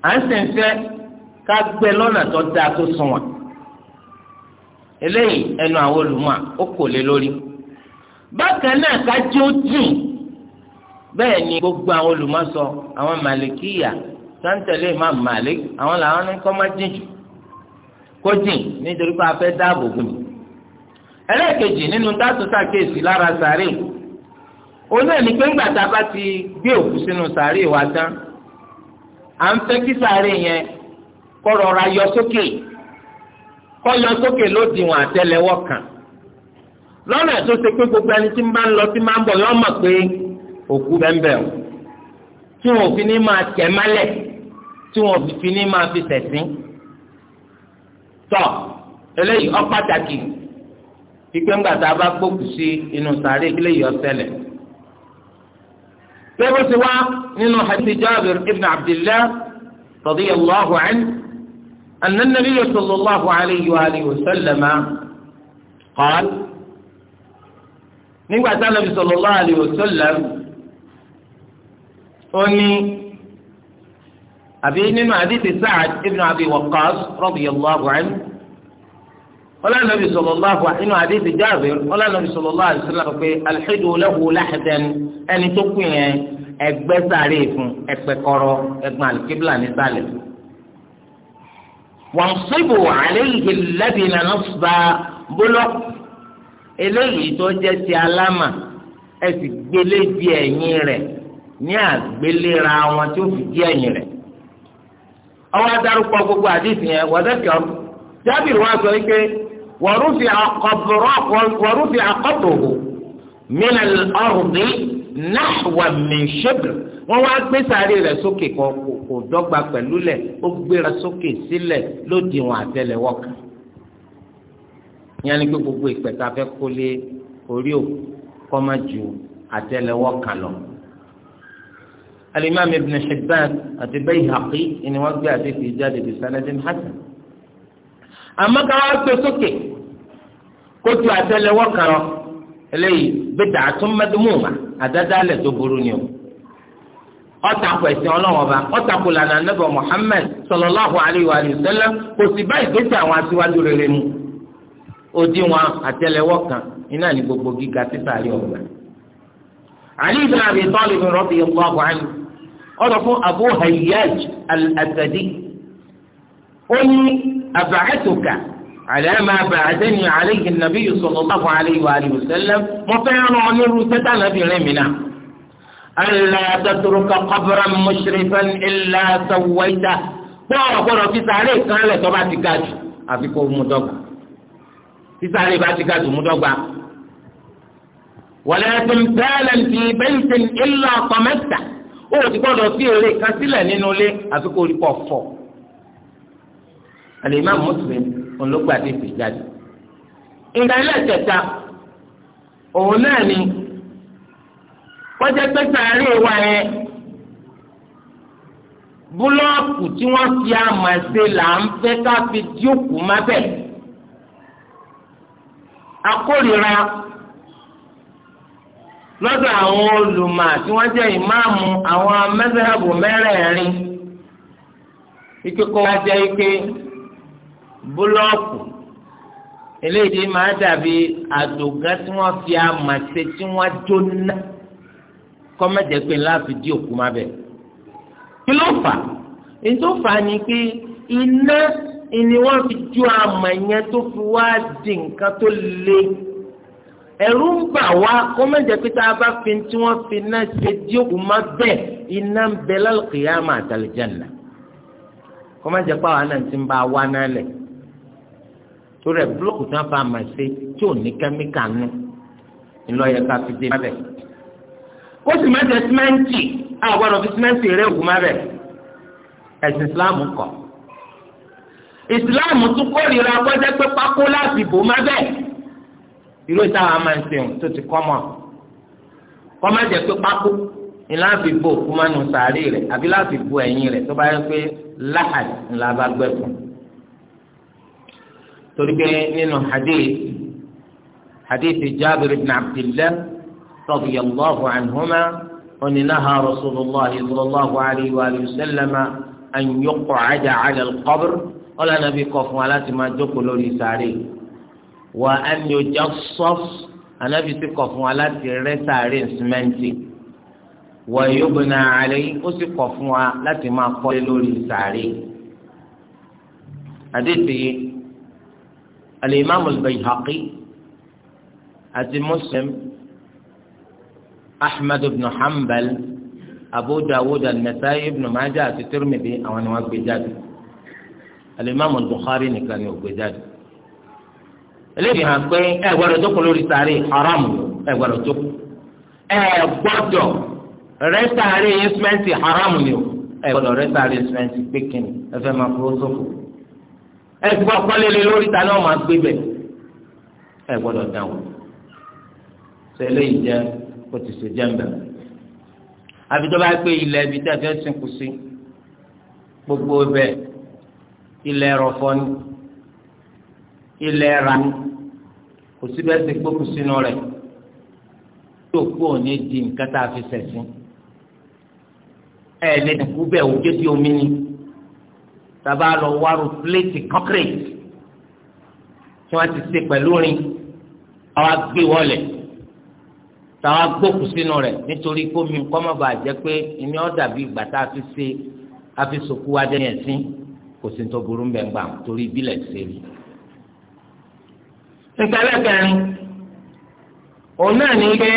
à ń sì ń fẹ́ ká gbẹ lọ́nà tó dáa tó sunwọ̀n eléyìí ẹnu àwọn olùmọ̀ ó kò lé lórí bákan náà ká jẹ́ ó dùn bẹ́ẹ̀ ni gbogbo àwọn olùmọ̀sọ àwọn màlìkíyà sáńtẹ̀lé imam àwọn làwọn ní kọ́ má dín jù kó dín nítorí pé a fẹ́ dáàbò bò ní. ẹlẹ́ẹ̀kejì nínú dátò sàkéèsì lára sàárè òun náà pé ńgbà tá a bá ti gbé òkú sínú sàárè wa tán à ń fẹ́ kí sàárè yẹn kọ́ rọra sókè kọ́ sókè lódiwọ̀n kan lọ́nà tó ṣe pé gbogbo ẹni tí ń bá ń lọ máa ń òkú bẹ́ńbẹ́ o tí wọn fi ní máa tẹ̀ mọ́lẹ̀ tí wọn fi ní máa fi sẹ̀sìn tọ́ eléyìí ó pàtàkì pípẹ́ ńgbà tá a bá gbókù sí inú sàárè kí léyìí ọ̀sẹ̀lẹ̀ gẹ́gẹ́ wa nínú hadith Jabir ibn Abdillah radiyallahu anhu أن النبي صلى الله عليه وآله وسلم قال nígbà tí Ànábì sallallahu alayhi wa sallam ó ní àbí nínú àdìsí Sa'ad ibn Abi Waqqas radiyallahu anhu ọlọ́nàbí sọlọ́láhu inú àdéhìí jáàbìr ọlọ́nàbí sọlọ́láhu àdìsílá pé alḥidu lahu láḥdẹ́n ẹni tó kù yẹn ẹgbẹ́ sáré fún ẹgbẹ́kọ́rọ́ ẹgbẹ́ alikibla nísàlẹ̀. wọ́n síbò àléyìí lẹ́bi nànà fúba bólọ́ eléyìí tó jẹ́ ti aláma ẹ sì gbélé di ẹ̀yìn rẹ̀ ní àgbélera wọn tí ó fi di ẹ̀yìn rẹ̀ ọwọ́ adarúkọ gbogbo àdìsí yẹn wọ́dẹ́kẹ́ ọ́n jábìrì wọn sọ wípé wọ́rùfì àkọ́bùrù mílẹ̀ ọ̀rùnì náhùwà mẹ́ṣẹ́bù wọ́n wá gbé sáré rẹ̀ sókè kò dọ́gba pẹ̀lú lẹ̀ ó gbéra sókè sílẹ̀ lódiwọ̀n àtẹlẹwọ́ kan ni pé gbogbo ìpẹ̀tà fẹ́ kólé orí òkú kọ́ ju àtẹlẹwọ́ lọ alimami ibn hibban àti bayhaqi ni wọ́n gbé àdéhùn ìjáde bí sanadin hasan àmọ́ ká wá gbé sókè kó tu àtẹ́lẹwọ́ kan lọ eléyìí bídà àtúmọdúnmùmá àdádálẹ̀ tó burú ni o ọtakò ẹsẹ ọlọ́run ọba ọtakò lànà anábọ muhammed sallallahu alayhi wa sallam kò sì bá ìgbésẹ̀ àwọn aṣíwájú rere mu òdiwọ̀n àtẹ́lẹwọ́ kan iná ní gbogbo gíga títà rí ọgbà. ali ibn abi talib radiyallahu anhu قال فو أبو هياج الأسدي قلني أبعثك على ما بعثني عليه النبي صلى الله عليه وآله وسلم مطيعنا عن الرسالة الذي لمنا ألا تترك قبرا مشرفا إلا سويته قال فو رفي سعليه كان لا تباتي كاج أفكو في سعليه باتي كاج ولا تمثالا في بيت إلا طمسته ó ti gbọ́dọ̀ sí eré kan sílẹ̀ nínú ilé àfi kó rí pọ̀ fọ̀ Al-Imam Muslim olóògbé àti ìfìjáde nǹkan òun náà ni wọ́n jẹ́ sàárè wa yẹn búlọ́ọ̀kù tí wọ́n fi àmà ṣe là ń fẹ́ ká fi díòkù má bẹ akórira lọ́dọ̀ àwọn olùmọ̀ tí wọ́n jẹ́ ìmáàmù àwọn mẹ́sàbù mẹ́rẹ̀ẹ̀rin ike kó wá jẹ́ ike búlọ́ọ̀kù eléyìí máa dàbí àdògán tí wọ́n fi àmàṣe tí wọ́n jóná kọ́mẹ́jẹ́ pé láàfin dí òkú má bẹ̀. kí ló fà ètò ni pé iná ni wọ́n fi jó àmọ̀ yẹn tó fi wá di nǹkan tó le ẹ̀rù ń bà wá kó má jẹ́ pé tá a bá fi tí wọ́n fi náà ṣe dí òkú má bẹ́ẹ̀ iná ń bẹ lálùkìyàmà àtàlùjánnà kó má jẹ́ pé àwọn náà ti ń bá a wá náà lẹ̀ torí ẹ̀ búlọ́ọ̀kù tí wọ́n fa àmà ṣe tí ò ní kẹ́míkà nù ńlọ yẹ ká fi dé má bẹ̀. ó sì má jẹ́ símẹ́ǹtì àwọn ọ̀fi símẹ́ǹtì rẹ̀ òkú má bẹ̀ ẹ̀sìn ìsìláàmù kọ̀ ìsìláàmù tún kórìíra kọjá pé pákó láti bò má bẹ́ẹ̀ irú ìtawà máa ń sèwọn tó ti kọ́mọ̀ kọ́mọ̀jẹ̀ pé pákó ni láti bo òkú mánu sàárè rẹ̀ àbí láti bo ẹ̀yìn rẹ̀ tó bá yẹ pé láhàd ńlá bá gbẹ fún torí pé nínú hadith hadith Jabir ibn Abdillah radiyallahu anhuma oninaha rasulillah sallallahu alayhi wa sallam an yuq'ada ala al-qabr ọlọ́nà kọ̀ fún wa máa jókòó lórí sàárè rẹ̀ wà á ní ọjà sọ́ọ̀f anábì ti kọ̀ fún wa láti rẹ́ sàárè símẹ́ǹtì wà yóò bẹ̀rẹ̀ àárẹ̀ ó sì kọ̀ fún wa láti máa kọ́lé lórí sàárè. àdéhìí alimami al-Bayhaqi àti Muslim Ahmad ibn Hanbal Abu Dawud an-Nasa'i ibn Majah àti Tirmidhi àwọn ni wọ́n gbé jáde alimami bukhari nìkan ni ò gbé jáde eléyìí hàn pé ẹ gbọ́dọ̀ jókòó lórí sàárè haram ẹ gbọ́dọ̀ jókòó ẹ gbọ́dọ̀ rẹ sàárè instrumenti haram ni o ẹ gbọ́dọ̀ rẹ sàárè instrumenti pékin ẹ fẹ́ máa fọwọ́ sọ̀kò ẹ gbọ́ kọ́lélé lórí ta náà máa gbé bẹ̀ ẹ gbọ́dọ̀ dáwọ́ sọ eléyìí jẹ́ kó ti ṣe jẹ́ mbẹ́ àfi tó bá gbé ilẹ̀ ibi tẹ́ fẹ́ sìnkú sí gbogbo bẹ́ẹ̀ ilẹ̀ ẹ̀rọ̀fọ́ ni ilẹ̀ ra kò sí bẹ́ẹ̀ ti kpókù sínú rẹ̀ tí òkú òní di nǹkan tá a fi sẹ̀sìn ẹ̀ lè dùkú bẹ́ẹ̀ òjé ti omi ni tàbá lọ wárò pléètì kọ́kírètì tí wọ́n ti ṣe pẹ̀lú rin táwa gbé wọlé táwa gbókù sínú rẹ̀ nítorí kómi kọ́mọ́bà jẹ́ pé ìní ọ̀dà bíi ìgbà tá a fi ṣe a fi sòkú adẹ́yẹ̀sìn kò sí ní tó burú mbẹ́ngbà torí ìbílẹ̀ ti ṣe rí nkẹlẹkẹrin òun náà ní pé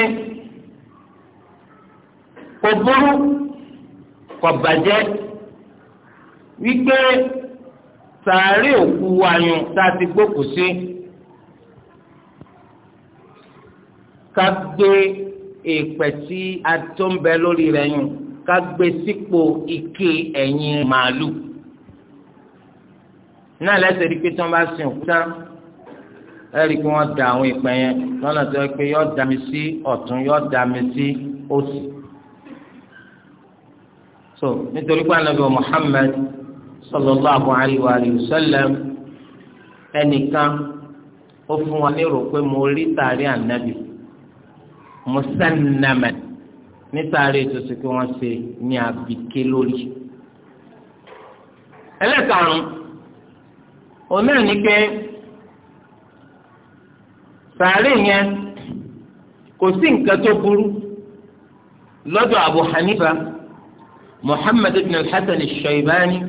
kò burú kò bàjẹ́ wípé sàárè òkú ayùn tá a ti gbókù sí ká gbé èèpẹ̀ tí a tó ń bẹ lórí rẹ̀ yùn ká gbé sípò ike ẹ̀yìn màálù náà lẹ́sẹ̀ rí pé tí wọ́n bá sin òkú tán ẹ̀rí kí wọ́n da àwọn ìpẹ́ yẹn lọ́nà tó yẹ pé yọ́ da mi sí ọ̀tún yọ́ da mi sí òsì. so nítorí pé anabi Muhammad sallallahu alayhi wa sallam ẹnìkan ó fún wa lérò pé mo rí tàrí ànábì musannama nítàrí ìtòsí pé wọ́n ṣe ní abike lórí. ẹlẹ́karùn-ún òun náà ní pé. sàárè yẹn kò sí nǹkan tó burú lọ́dọ̀ Abu Hanifa Muhammad ibn al-Hasan al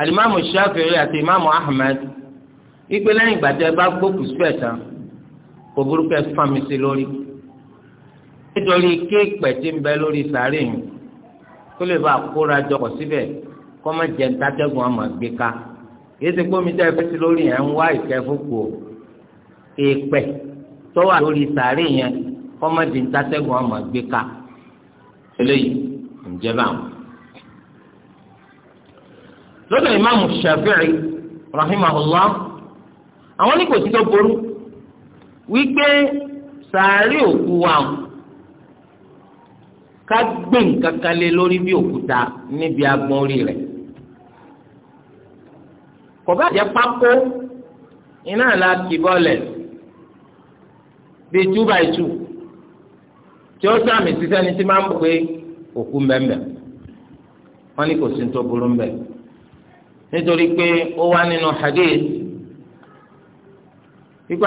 alimami Shafi'i àti imamu Ahmad ìgbé lẹ́yìn ìgbà tẹ́ bá gbókùn sí ẹ̀ta kò burú kẹ́ fami sí lórí nítorí kéèpẹ̀ tí ń bẹ lórí sàárè yìí kó lè bá kóra jọkọ̀ síbẹ̀ kọ́ gbé èèpẹ̀ tó wà lórí sàárè yẹn kọ́mọ́dé ń tàtẹ́gùn ọmọ gbé ká eléyìí ǹjẹ́ báwọn. lọ́dọ̀ ìmáàmù Shafi'i rahimahullah àwọn ní kò tó ború wípé sàárè òkú wa ká gbé nǹkan kan lé lórí bí òkúta níbi orí rẹ̀ kò bá jẹ́ pákó iná bíi two by two tí ó sàmì sí sẹ́ni tí máa ń pè òkú mbẹ́mbẹ́ wọ́n ní kò sí tó burú mbẹ́ nítorí pé ó wá nínú hadith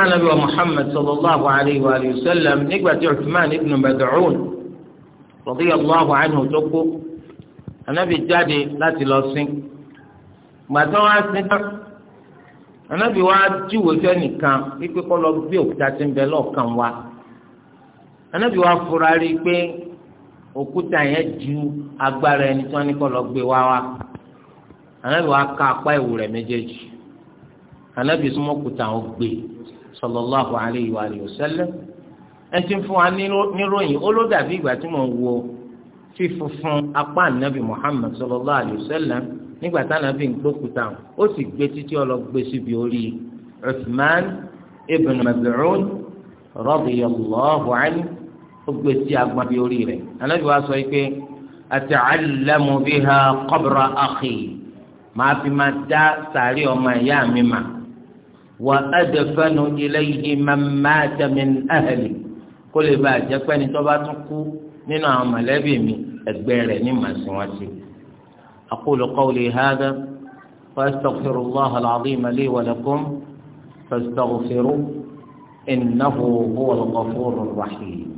anabi wa sallallahu alayhi wa sallam nígbà tí uthman ibn mad'un radiyallahu anhu tó kú anabi jáde láti lọ sin gbàtọ́ wá tán. anabi wa júwe fẹ́nìkan wípé kó lọ gbé òkúta tí ń bẹ lọ́ọ̀kan wa anabi wa fura rí i pé òkúta ju agbára ẹni tí wọ́n ní kó lọ wa wa anabi wa ka akpa ìwù rẹ̀ méjèèjì anabi súnmọ́ òkúta wọn gbé sallallahu alayhi wa sallam ẹ ti fún wa niroyin ó ló dàbí ìgbà tí mò ń wo fífunfun anabi muhammad sallallahu alayhi wa nígbà táwọn fi ń gbókùtà ó sì gbé títí ọlọgbé síbi orí Uthman ibn Maz'un radiyallahu anhu ó gbé sí agbọn bíi orí rẹ̀ anábì wa sọ pé ata'allamu biha qabra akhi màá fi máa dá sàárì ọmọ ìyá mi mà wa adfanu ilayhi man mata min ahli kó lè bá a tó kú nínú àwọn mọ̀lẹ́bí mi ẹgbẹ́ rẹ̀ ní màsíwájú. أقول قولي هذا وأستغفر الله العظيم لي ولكم فاستغفروا إنه هو الغفور الرحيم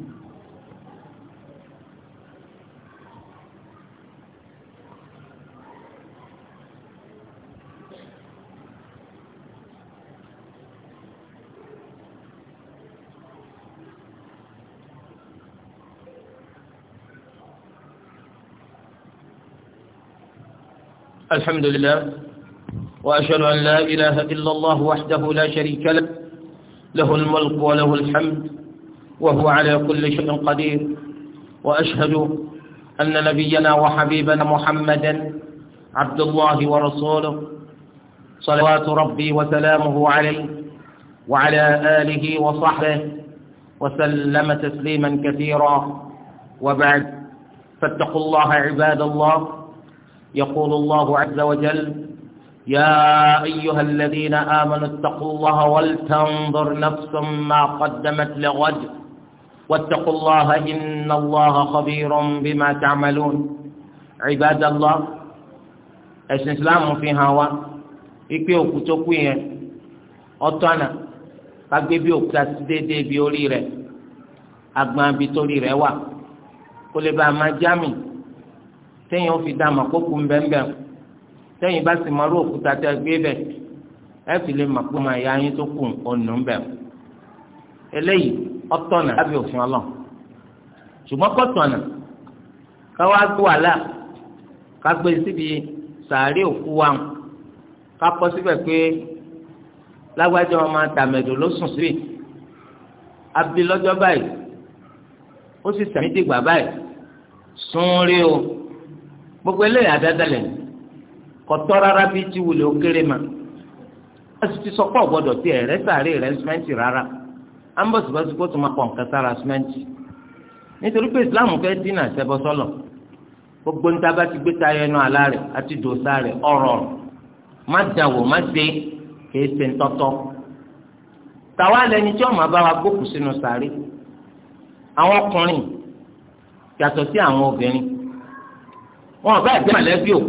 الحمد لله وأشهد أن لا إله إلا الله وحده لا شريك له له الملك وله الحمد وهو على كل شيء قدير وأشهد أن نبينا وحبيبنا محمدا عبد الله ورسوله صلوات ربي وسلامه عليه وعلى آله وصحبه وسلم تسليما كثيرا وبعد فاتقوا الله عباد الله يقول الله عز وجل يا أيها الذين آمنوا اتقوا الله ولتنظر نفس ما قدمت لغد واتقوا الله إن الله خبير بما تعملون عباد الله الإسلام في هوا ikpe òkútókù yẹn ọtọ́nà kagbé bí òkúta sí déédéé bí orí rẹ̀ agbọ̀n abitorí rẹ̀ wà kó lè bá a máa jámì tẹ́yìn ó fi dá àmọ́ kó kun bẹ́ẹ̀nbẹ́ẹ̀ tẹ́yìn bá sì máa rú òkúta tẹ́ gbé bẹ̀ ẹ fi lè mọ̀ pé màá ya yín tó kù ọ̀nù bẹ̀ eléyìí ọ̀tọ̀nà lábẹ́ òfin ọlọ́ ṣùgbọ́n kọ́tọ̀nà káwá gbó àlà ká gbé síbi sàárè òkú wa ká síbẹ̀ pé lágbájá wọn máa tàmẹ̀dò ló sùn síbi abilọ́jọ́ báyìí ó sì tẹ̀mí dìgbà báyìí sún rí o. gbogbo eléyìí àdádálẹ̀ ni kọtọ rárá bí tí wulẹ ó kéré ma ẹsì ti sọpọ gbọ́dọ̀ tí ẹ rẹsàárẹ rẹ simẹnti rárá ambọsibọsi kó tó ma pọ nǹkan sára simẹnti nítorí pé islam fẹẹ dínà sẹbọsọlọ gbogbo níta bá ti gbé tayọ ẹnu àlá rẹ àti dòsa rẹ ọ̀rọ̀ má dàwọ má dé kèé ṣe ńtọtọ tàwa lẹni tí ọmọ bá wa gbókù àwọn ọkùnrin sí àwọn obìnrin wọn ọba àjẹ mọ̀lẹ́bí o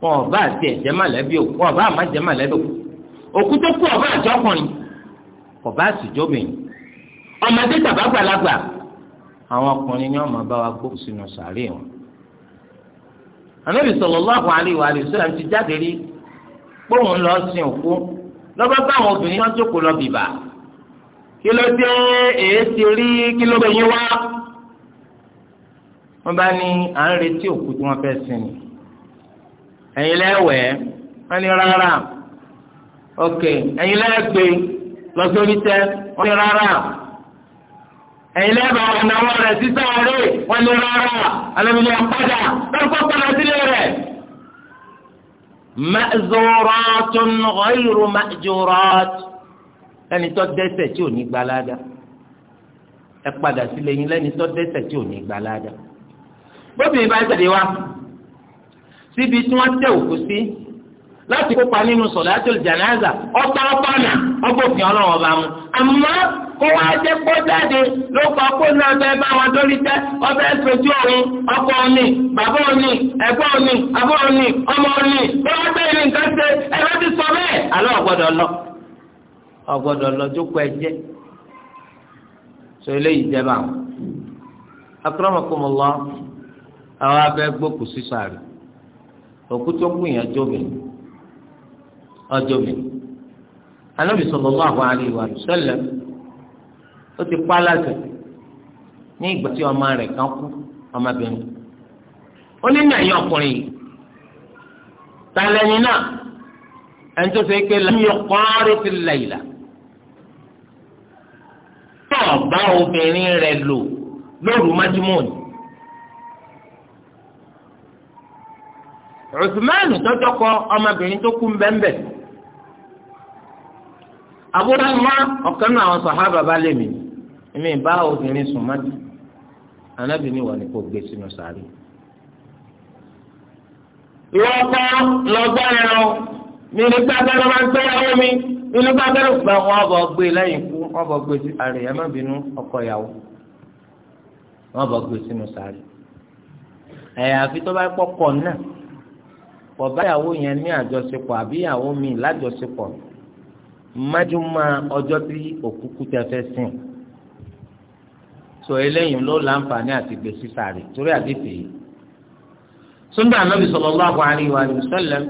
wọn ọba àti ẹ̀jẹ̀ o òkú wọn ọba àmà jẹ́ mọ̀lẹ́bí òkú òkú tó kú ọba àjọ ọkùnrin ọba àtijọ́bìnrin ọmọdé tàbá gbàlagbà àwọn ọkùnrin ni wọn máa bá wa gbó sínú sàárè wọn. ànábì sallallahu alaihi wa sallam ti jáde rí kpóhùn lọ sin òkú lọ́ba bá àwọn obìnrin wọn jókòó lọ bìbà kí ló dé èé ti rí kí ló bẹ yín wá wọ́n bá ní à ń retí òkú tí wọ́n fẹ́ sin ni ẹ̀yin lẹ́wẹ̀ẹ́ wọ́n ní rárá ok ẹ̀yin lẹ́gbẹ́ lọ sórí tẹ́ wọ́n ní rárá ẹ̀yin lẹ́bà ọ̀nàwọ́ rẹ̀ sísá rẹ̀ wọ́n ní rárá alẹ́mìlẹ̀ ọ̀padà lọ́kọ́ padà sílé rẹ̀ ma'zuratun ghayru ma'jurat ẹni tó dẹ́ṣẹ̀ tí ò ní gbalada ẹ padà sílé bóbìnrin bá tẹ̀lé wa síbi tí wọ́n tẹ òkú sí láti kópa nínú sọ̀látul jànáza ọ̀pá ọ̀pánà ọgbọ̀fin ọlọ́run ọba mu àmọ́ kó wá jẹ́ kó jáde ló kọ́ kó náà fẹ́ bá wọn dórí tẹ́ ọbẹ̀ sojú òun ọkọ òní bàbá òní ẹ̀gbọ́n òní àbá òní ọmọ òní ló wá bẹ́ẹ̀ ní nǹkan ṣe ẹ̀rọ ti sọ bẹ́ẹ̀ àlọ́ ọ̀gbọ́dọ̀ lọ ọ̀gbọ́dọ̀ lọ jókòó ẹ̀jẹ̀ sọ eléyìí jẹ́ bá wọn. akọ́rọ́mọkùnmọ́ lọ àwọn abẹ́ gbókù sísà rẹ̀ òkú tó kù yẹn jóbìnrin ọjọ́bìnrin anábì sallallahu alaihi wa sallam ó ti pa láṣẹ ní ìgbà tí ọmọ rẹ̀ kan kú ọmọbìnrin ó ní nàìyàn ọkùnrin yìí tàlẹ́yìn náà ẹni tó ṣe pé lẹ́yìn ọkọ̀ọ́rẹ́ ti lẹ́yìnlá tó ọba obìnrin rẹ̀ lò lóru májúmọ́ Usman tọ́jọ́ kọ ọmọbìnrin tó kú mbẹ́mbẹ́ àbúrò ńlá ọ̀kan náà àwọn sàhábà bá lè mí èmi bá obìnrin sùn mọ́tì anábì ní ìwà ni kò gbé sínú sàárì. ìwọ ọkọ lọgbà ẹran mi ní gbàgbẹ́rẹ́ máa ń tẹ́ ẹ̀rọ mi mi ní gbàgbẹ́rẹ́ gba wọn ọbọ̀ gbé lẹ́yìn ikú wọn bọ̀ gbé sí àrè ẹ̀ má bínú ọkọ ìyàwó wọn bọ̀ gbé sínú sàárì. ẹ̀yà àfi tó ọ̀báyàwó yẹn ní àjọṣepọ̀ àbíyàwó mi lájọṣepọ̀ májúmọ́ ọjọ́ tí òkúkú tẹ fẹ́ sìn so eléyìí ló láǹfààní àti gbèsè sáré torí àdìsí yìí sunba anabi sallallahu alayhi wa sallam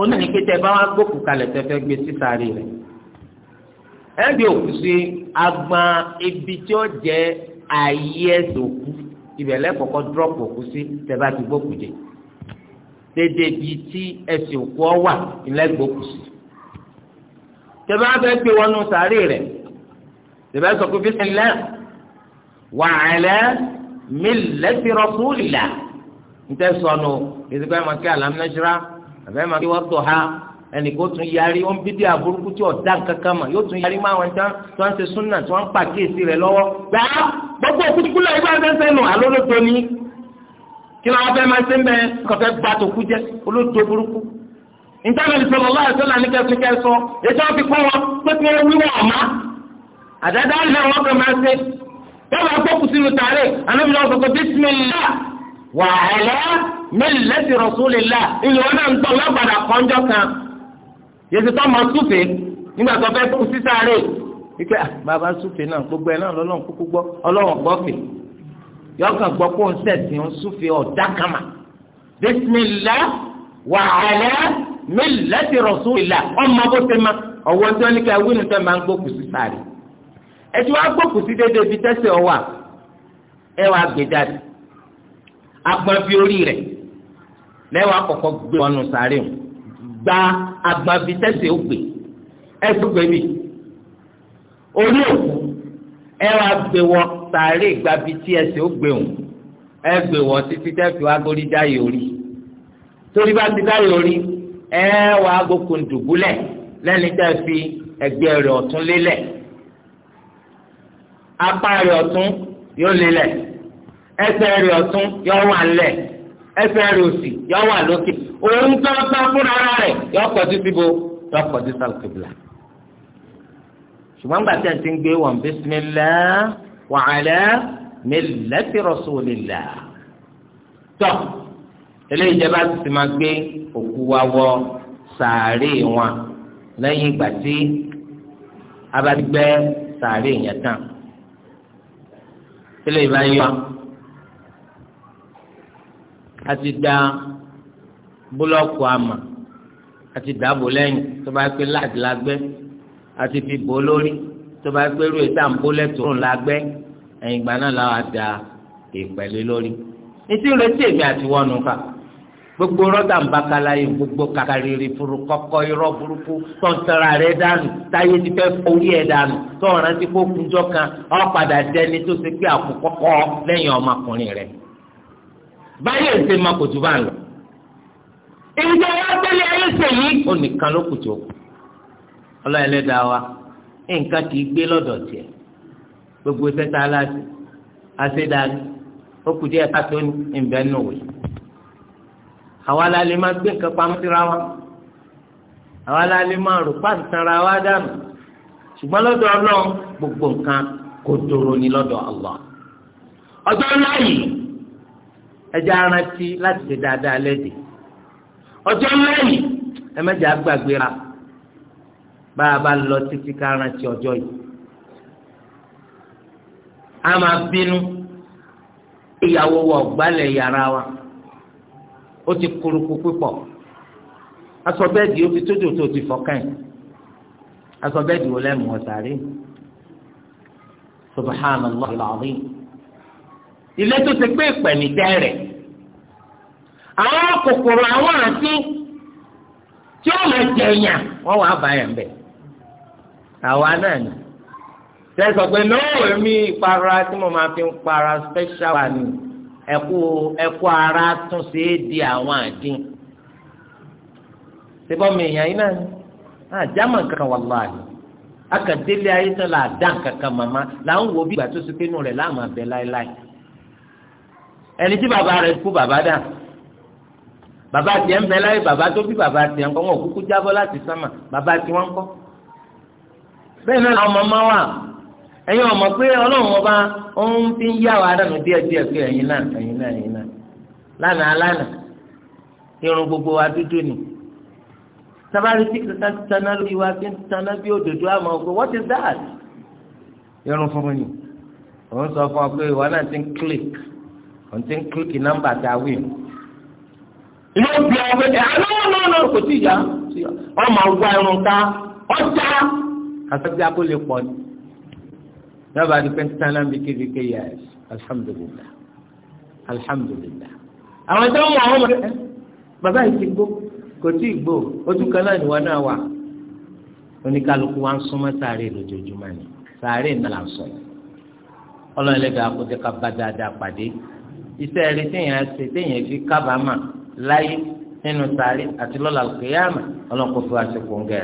onídìí pété bá wà gbókù kalẹ̀ tẹ́fẹ́ gbé sísáré rẹ̀ ẹ̀ẹ́dì òkú sí agbọn ibi tí ó jẹ́ ayé ẹ̀sìn òkú ibẹ̀ lẹ́kọ̀ọ́kọ́ dúrọ́pù òkú sí bá ti gbókù jẹ́ dédé bíi tí ẹsìn òkú ọ wà ńlẹgbọkùsì tẹbẹ abẹ gbé wọnú sàárè rẹ tẹbẹ sọ pé bísí ńlẹ wà ẹlẹ mi lẹsí rọsúlìlà ntẹ sọnù ìdìbò ẹ máa kí alámínáṣírà àbẹ máa kí wọn tọ ha ẹnìkó tún yarí ó ń bí dé àbúrúkú tí ọ̀dá kankan mà yóò tún yarí máa wọn tán tí wọ́n ń súnà tí wọ́n ń pàkíyèsí rẹ̀ lọ́wọ́ gbàá gbogbo òkútukú lọ́wọ́ ìgbà ń sẹ́nu àlọ́ ló tó kí ló wá fẹ́ máa ṣe ń bẹ kọfẹ́ tó kú jẹ olóòtú burúkú nítorí ìṣòro lọ́wọ́ ìṣòro àní kẹsùn kẹsọ ètò wọn pé kí wọ́n wíwọ́ àdáda ilẹ̀ wọn kan máa ṣe dábàá fọ́ọ̀kù sínú tààrẹ anábìlẹ̀ ọ̀sán kò bismillah wà ẹ̀lẹ́ ìlú wọn náà ń kan yèsì tó súfè nígbà tó ah, bàbá súfè náà gbogbo yọkàn gbọ́ kó ń sẹ̀sìn ń súfì ọ̀dà kama bisimilá wàhálà mílẹ̀tì rọ̀súlìlà ọmọ bó ṣe ma ọ̀wọ́ tí wọ́n ní ká wínú tẹ́ máa ń gbókù sí sáré ẹtí wọ́n gbókù sí déédéé fi tẹ́sẹ̀ ọwà ẹ wàá gbé jáde agbọ̀nfi orí rẹ̀ lẹ́wọ̀n àkọ́kọ́ gbé wọnú sáré o gba agbọ̀nfi tẹ́sẹ̀ ó gbé ẹ tó gbé mi orí òkú ẹ wàá gbé wọn sàárè gbabi tí ẹsẹ̀ ó gbéhùn ẹ gbé wọn títí tẹ́fì wá gbórí dáyé orí torí bá ti dáyé orí ẹ wàá gòkùn dùbúlẹ̀ lẹ́ni tẹ́fì ẹgbẹ́ rẹ̀ ọ̀tún lélẹ̀ apá rẹ̀ ọ̀tún yóò lélẹ̀ ẹsẹ̀ rẹ̀ ọ̀tún yóò wà lẹ̀ ẹsẹ̀ rẹ̀ òsì yóò wà lókè òun tó ń tán fúnra rẹ̀ yóò kọjú síbo yóò kọjú sálùkìbìlà ṣùgbọ́n gbàtẹ́ ti ń gbé wọn bísí mi lẹ́ẹ́ wa ala millati rasulillah tọ́ eléyìí jẹ́ bá ti máa gbé òkú wa wọ sàárè wọn lẹ́yìn ìgbà tí a bá ti gbẹ́ sàárè yẹn tán eléyìí bá yọ a ti da búlọ́ọ̀kù àmà a ti dàbò lẹ́yìn tó bá pé láti a ti fi bò lórí tó bá gbẹrú ìta ń bólẹ̀ tó ń lagbẹ́ ẹ̀yìn ìgbà náà làwọn àdá ìpẹ̀lẹ́ lórí etí ń retí èmi àti wọnú ká gbogbo rọ́dà ń bá kala yìí gbogbo kàkàrìrì furu kọ́kọ́ irọ́ burúkú tọ́ntara rẹ̀ dànù táyé ti fẹ́ forí ẹ̀ dànù tọ́ọ̀rán ti kó kunjọ́ kan ọ̀padà dẹni tó ṣe pé àkókọ́kọ́ lẹ́yìn ọmọkùnrin rẹ̀ báyìí ṣe máa kò tó bá lọ. ìjọba tẹ́lẹ̀ ayé ṣèyí onìkan ló kù ọlọ́ọ̀ẹ́lẹ́dàá wa nǹkan kì í gbé lọ́dọ̀ tiẹ̀ gbogbo sẹ́ta aláṣẹ àṣẹdáni ó kù díẹ̀ káàtó ìbẹ́ nù wẹ̀. àwa la lè máa gbé nǹkan pamọ́ síra wa àwa la lè máa rò pàṣẹ sanra wa dànù ṣùgbọ́n lọ́dọ̀ ọlọ́run gbogbo nǹkan kò dòrò ní lọ́dọ̀ Allah. ọjọ́ ńlá yìí ẹja arántí láti ṣe dáadáa lẹ́dẹ̀ẹ́ ọjọ́ ńlá yìí ẹ̀mẹ́jà gbàgbéra bá a bá lọ títí ká rántí ọjọ́ yìí a máa bínú ìyàwó wa ọ̀gbálẹ̀ yàrá wa ó ti kúrukú pípọ̀ aṣọ bẹ́ẹ̀dì ó ti tójú tó ti fọ́kàn yìí aṣọ bẹ́ẹ̀dì wo lẹ́mu ọ̀sàrí subhanallah alazim ilé tó ti pé ìpẹ̀lú dẹ́rẹ̀ àwọn kòkòrò àwọn àti tí ó lè jẹ̀yàn wọ́n wàá bá yẹn bẹ́ẹ̀ àwa náà ni ṣe sọ pé lọ́wọ́ èmi ìpara tí mo máa fi ń para special wa ni ẹ̀kú ẹ̀kú ara tún ṣe é di àwọn àdín síbọ̀ mi èèyàn yín náà ni àjámọ̀ kankan wà láàyè akadélé ayé tán là dá kankan màmá là ń wo bí ìgbà tó ṣe pé inú rẹ̀ láàmú abẹ láéláé ẹni tí bàbá rẹ̀ kú bàbá dà bàbá tiẹ̀ ń bẹ láyé bàbá tó bí bàbá tiẹ̀ ń kọ́ wọn ò kúkú jábọ́ láti sánmà bàbá tiwọn kọ́. bẹ́ẹ̀ náà làwọn ọmọ máa ẹ̀yin ọmọ pé ọlọ́run ọba ó ń fi ń yá wa dànù díẹ̀ pé ẹ̀yin náà ẹ̀yin náà ẹ̀yin náà lánàá lánàá irun gbogbo wa dúdú ni sábàrí tí kankan ti taná lórí wa fi ń bí òdòdó what is that irun fún mi òun sọ fún ọ pé náà ti ń click ti ń click a wí bí ọgbẹ́ ẹ̀ irun asọ́jà kó lè pọ̀ ní dábàá di pé tán náà bí kékeré yà ẹ́ alhamdulillah alhamdulillah àwọn tó ń wọ àwọn ọmọdé eh, bàbá yìí ti gbó kò tí ì gbó ojú kan náà nìwọ náà wà oníkálukú wa ń súnmọ́ sáré lójoojúmọ́ ni sáré náà là ń sọ yìí ọlọ́run ẹlẹ́dàá kó jẹ́ ká bá dáadáa pàdé iṣẹ́ rẹ téèyàn ṣe téèyàn fi kábàámà láyé nínú sáré àti lọ́la kìyàmà ọlọ́run kò fi wá sí kóńgẹ́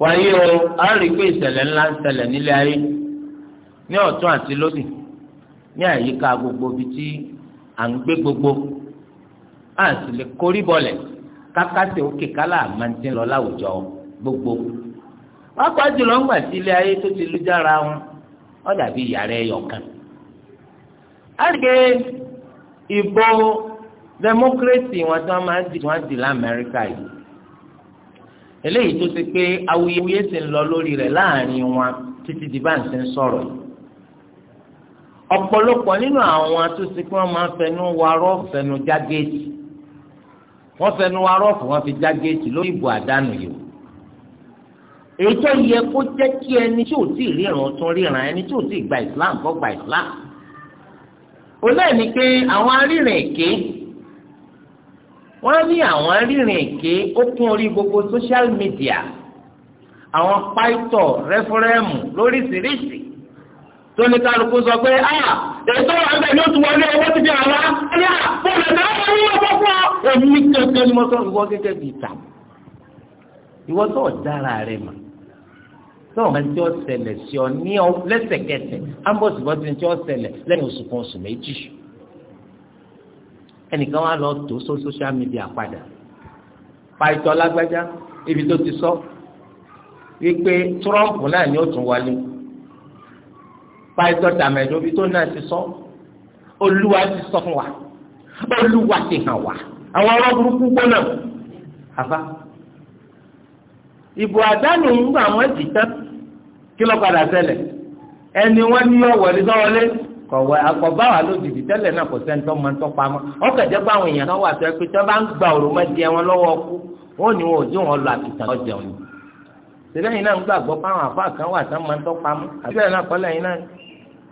wàyí o a pé ìṣẹ̀lẹ̀ ńlá ń ṣẹlẹ̀ nílé ayé ní ọ̀tún àti lódì ní àyíká gbogbo bíi tí à ń gbé gbogbo a sì lè korí bọlẹ̀ kákásẹ̀ òkè kálá máa lọ láwùjọ gbogbo wọ́n pa jùlọ ńgbà tí ilé ayé tó ti lu jára wọn ó dàbí yàrá ẹyọ kan a ìbò democracy wọn tí máa eléyìí tó ṣe pé awuyewuye ti ń lọ lórí rẹ̀ láàrin wọn títí di bá ń ṣe ń sọ̀rọ̀ yìí ọ̀pọ̀lọpọ̀ nínú àwọn tó ṣe pé wọ́n máa ń fẹnu warọ́ fẹnu já géètì wọ́n fẹnu warọ́ fún wọn fi já lórí ìbò àdánù yìí èyí tó yẹ kó jẹ́ kí ẹni tí ò tí ì ríran tún ríran ẹni tí ò tí ì gba ìsìláàmù kó gba ìsìláàmù ó ni pé àwọn arìnrìn èké wọ́n ní àwọn rírìn èké ó kún orí gbogbo social media àwọn pàìtọ̀ rẹ́fúrẹ́mù lóríṣiríṣi tó ní kálukú sọ pé a ah, èso àgbẹ̀ ni ó ti wọlé owó ti di àwa ẹ̀yà bọ́ọ̀lù náà wọ́n ní ọgbọ́n fún ọ. èmi kankan ni mo sọ ìwọ gẹ́gẹ́ bíi ìta ìwọ tó dára rẹ mà tó ọmọ tí ó ṣẹlẹ̀ sí ọ ní lẹ́sẹ̀kẹsẹ̀ ambos bọ́sẹ̀ tí ó ṣẹlẹ̀ lẹ́yìn oṣù kan oṣù méjì ẹnìkan wá lọ tó sọ social media padà pàìtọ́ lágbájá ibi tó ti sọ wípé Trump náà ni ó tún wọlé pàìtọ́ tàmẹ̀dọ́ ibi tó náà ti sọ olúwa ti sọ fún wa olúwa ti hàn wá àwọn ọ̀rọ̀ burúkú gbọ́nà àbá ìbò àdánù ń gbà wọ́n jì kí ló padà ẹni wọ́n ní ọ̀wọ́ ní sọ́wọ́lé kọ̀wé akọ̀báwá lójijì tẹ́lẹ̀ náà kò sẹ́ni tó máa ń tọ́pa mọ́ ọkọ̀ jẹ́ pé àwọn èèyàn náà wà sọ pé tí wọ́n bá ń gba òròmọ jẹ wọn lọ́wọ́ ọkú wọn ò ní wọn ò dí wọn lọ àtìtàn ọjà òní. síbẹ̀ yìí náà ń gbàgbọ́ pé àwọn àfáà kan wà sẹ́ni máa ń tọ́pa mọ́ àbíbẹ̀ náà kọ́lẹ̀ yìí náà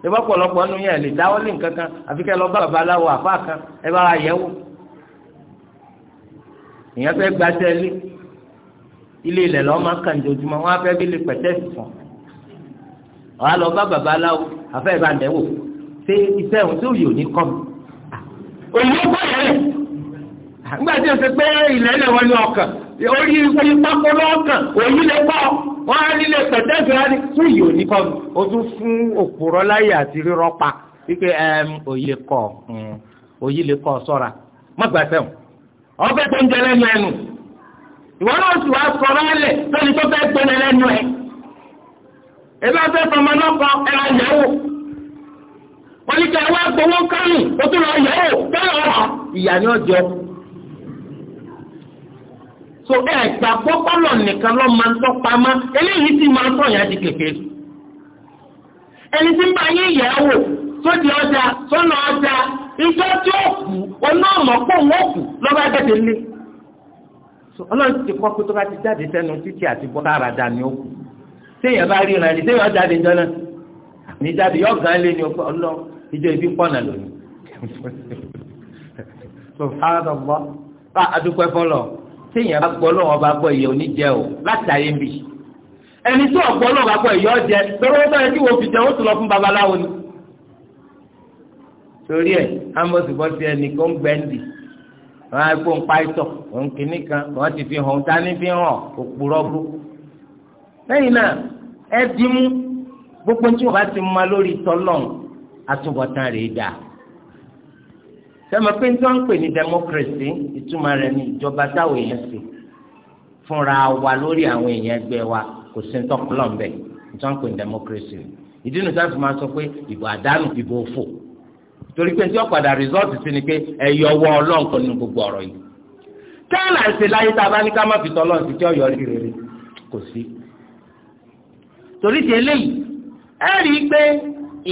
ìbá pọ̀lọpọ̀ nínú yẹn lè dáwọ́ lé nǹkan kan àfi kẹ́ lọ bá babaláwo àfáà kan ẹ bá wa yẹ̀wò. èèyàn fẹ́ gbaṣẹ́ ilé ilé ilẹ̀ lọ́ọ́ ṣe iṣẹ́ òun tí òye ò ní kọ́ mi. òyìnbó kọ́ yẹn rẹ̀ nígbà tí o ṣe pé ilẹ̀ ilẹ̀ wọn ní ọkàn orí orí pákó lọ́kàn òyì lè kọ́ wọn á nílé pẹ̀tẹ́sì wọn ni tí òye ní kọ́ o tún fún òpùrọ́ láyè àti rírọ́ pa wípé òyì lè kọ́ hm, òyì lè kọ́ sọ́ra má gbà sẹ́wọ̀n ọbẹ̀ tó ń jẹ lẹ́nu ẹnu ìwọ náà sì wá sọ̀rọ̀ ẹlẹ̀ lórí tó fẹ́ gbẹ́lẹ̀ lẹ́nu ẹ̀ ẹ̀bí afẹ́ fọmọ náà kọ ẹ̀ wọ́n ní kí ẹ kánú o tún lọ yẹ o kẹ́lọ́ rà ìyá ni ó jọ. so ẹ gbà pọ́pọ́lọ̀ nìkan lọ́ máa ń tọ́ pamọ́ eléyìí sì máa ń tọ̀ yẹn di kékeré. ẹni tí ń bá yín yẹ̀ wò sódì ọjà sọ́nà ọjà ìjọ tí ó kù oná ọ̀mọ̀ pọ̀ wọ́n kù lọ́ba gẹ̀dẹ̀ lé. ọlọ́run ti kọ́ pé tó bá ti jáde sẹ́nu títí àti bọ́ sára dà ní ó kù. séèyàn bá rí ìrànlẹ́ séèyàn jáde jọ náà ní jáde yọ̀ọ̀gá lé ní ọlọ́run ìjọ ibi pọ̀nà lónìí subhanallah bá adúpẹ́ fọlọ́ téèyàn bá gbọ́ lọ́wọ́ bá gbọ́ ìyẹ́ oníjẹ o láti ayé ń bì ẹni tí ọ̀gbọ́ lọ́wọ́ bá gbọ́ ìyẹ́ ọ̀jẹ lọ́wọ́ bá yẹ kí wọ́n fi jẹ ó tún lọ fún babaláwo ni. torí ẹ amọ̀sibọ́ ti ẹnì kan gbẹ́ndì wọn á gbóhùn páìtọ̀ òun kìíní kan wọn ti fi hàn tání fi hàn òpùrọ̀ bú. lẹ́yìn náà ẹ dimú gbogbo tí wọ́n bá ti mọ lórí tọ́lọ́run atúbọ̀tán rèé dà sẹ́mi pé tí wọ́n ń pè ní democracy ìtumọ̀ rẹ̀ ní ìjọba táwọn èèyàn sì fúnra wa lórí àwọn èèyàn ẹgbẹ́ wa kò sí ní tọ́kùlọ̀ ńbẹ̀ tí wọ́n ń pè ní democracy ìdí nu sáfì máa sọ pé ìbò àdánù ìbò òfò torí pé tí wọ́n padà sí ni pé ẹ̀yọ̀ wọ ọlọ́ǹkan nínú gbogbo ọ̀rọ̀ yìí kẹ́hìn àìsè láyé tá a bá ní ká má fi tọ́lọ́ sí tí ọ̀yọ́ rí rere kò sí torí ti eléyìí ẹ rí i pé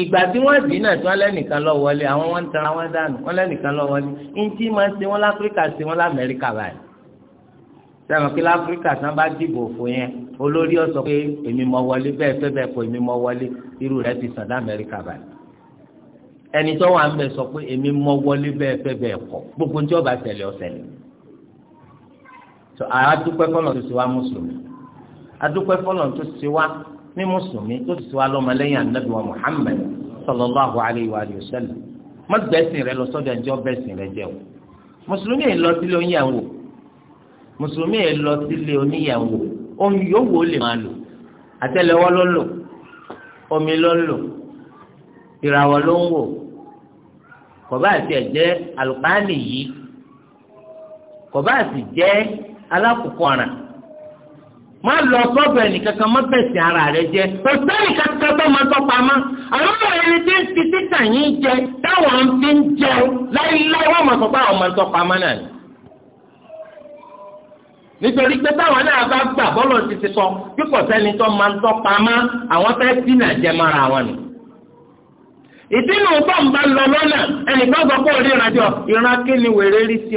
ìgbà tí wọ́n dì náà tí wọ́n lẹ́nìkan lọ wọlé àwọn wọn ń tara wọn dànù wọ́n lẹ́nìkan lọ wọlé ntí máa ṣe wọn láfíríkà ṣe wọn lámẹ́ríkà báyìí sẹ́wọ̀n kí láfíríkà sàn bá dìbò fún yẹn olórí ọ̀sọ̀ pé èmi mọ wọlé bẹ́ẹ̀ fẹ́ bẹ́ẹ̀ kọ èmi mọ wọlé irú rẹ̀ ti sàn lámẹ́ríkà báyìí ẹni tó wà ń bẹ sọ pé èmi mọ wọlé bẹ́ẹ̀ fẹ́ bẹ́ẹ̀ kọ gbogbo ní ọba tẹ̀lé ọ̀sẹ̀ ni àdúpẹ́ fọlọ́ tó ṣe wá mùsùlùmí àdúpẹ́ fọlọ́ tó ṣe wá ní mùsùlùmí tó ti wá lọ́mọlẹ́yìn anabi wa muhammed sallallahu alayhi wa sallam má gbẹ̀sìn rẹ lọ sọ́dọ̀ ẹni tí wọ́n bẹ̀sìn rẹ jẹ́ o mùsùlùmí yẹn lọ sílé oníyàwó mùsùlùmí yẹn lọ sílé oníyàwó omi yòówó lè máa lò àtẹ́lẹwọ́ ló lò omi ló lò ìràwọ̀ ló ń wò kọba ẹjẹ alùpàánì yìí kọba jẹ alákòókò ọ̀ràn má lọ sọ́bẹ̀ nìkankan má bẹ̀sẹ̀ ara rẹ jẹ́ ọ̀sẹ̀ nìkankan tó máa tọ́ pamọ́ àwọn ẹni tí ń fi títà yín jẹ táwọn ń fi ń jẹ láíláí wọ́n máa sọ pé àwọn máa tọ́ pamọ́ náà ni. nítorí pé táwọn náà bá gbà bọ́lọ̀ ti ti sọ pípọ̀ sẹ́ni tó máa tọ́ pamọ́ àwọn fẹ́ tí nà jẹ mọ́ra àwọn ni. ìdínà tó ń bá lọ lọ́nà ẹnìkan sọ pé òní rí sí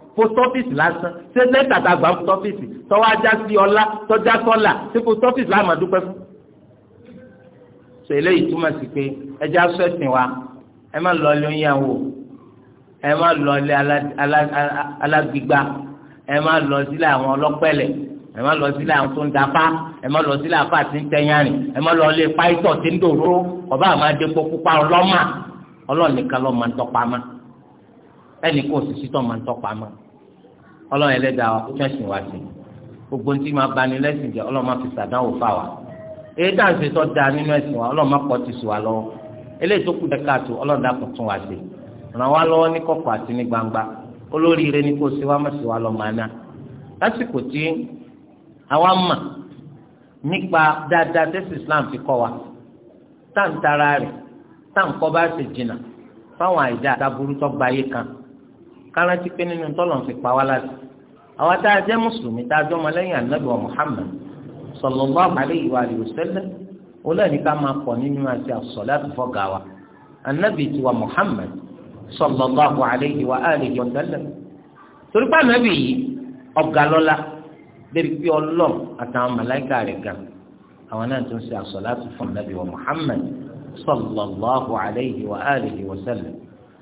post office lásán ṣé lẹ́tà tá a gbà post office tọ́wọ́ ajá sí ọlá tọ́já sọ́là ṣé post office la máa dúpẹ́ fún. sọ eléyìí túmọ̀ sí pé ẹja sọ ẹ̀sìn wa ẹ má lọ ilé oníyàwó ẹ má lọ ilé alágbègbà ẹ má lọ sílé àwọn ọlọ́pẹ̀lẹ̀ ẹ má lọ sílé àwọn tó ń dapá ẹ má lọ sílé àfà tí ń ẹ má lọ ilé páìtọ̀ tí ń dòró ọba àmàdé kó pupa ọlọ́mà ọlọ́ọ̀nìkan lọ́ọ́ ẹnì kò sì sítọ̀ máa ń tọ́pa mọ́ ọlọ́run ẹlẹ́dàá wá sí gbogbo ntí máa bani lẹ́sìn ọlọ́run máa fi sàdánwò fà da nínú ẹ̀sìn wa ọlọ́run máa pọ̀ ti sùn wá lọ́wọ́ eléyìí tó kù dẹ́ka tó ọlọ́run dàpọ̀ tún wá sí ràn wá lọ́wọ́ ní kọ̀kọ̀ àti ní gbangba olóríire lásìkò tí àwa mà nípa dáadáa tẹ́sí Islam kọ́ wa táǹtara rẹ̀ táǹkọ́ bá ṣe jìnnà fáwọn kárántí pé nínú tọ́lọ̀ ń fi pa wá láti àwọn tá a jẹ́ mùsùlùmí tá a jọ́ ọmọlẹ́yìn ànábì wa Muhammad sallallahu alayhi wa alihi wa sallam olóòní ká máa pọ̀ nínú àti àsọ̀láàtì fọ́gà wa ànábì tiwa Muhammad sallallahu alayhi wa alihi wa sallam torí pé ànábì yìí ọ̀gá lọ́la bẹ́ẹ̀ pé ọlọ́ọ̀ àtàwọn màláìkà rẹ̀ gan àwọn náà tún ṣe àsọ̀láàtì fún ànábì wa Muhammad sallallahu alayhi wa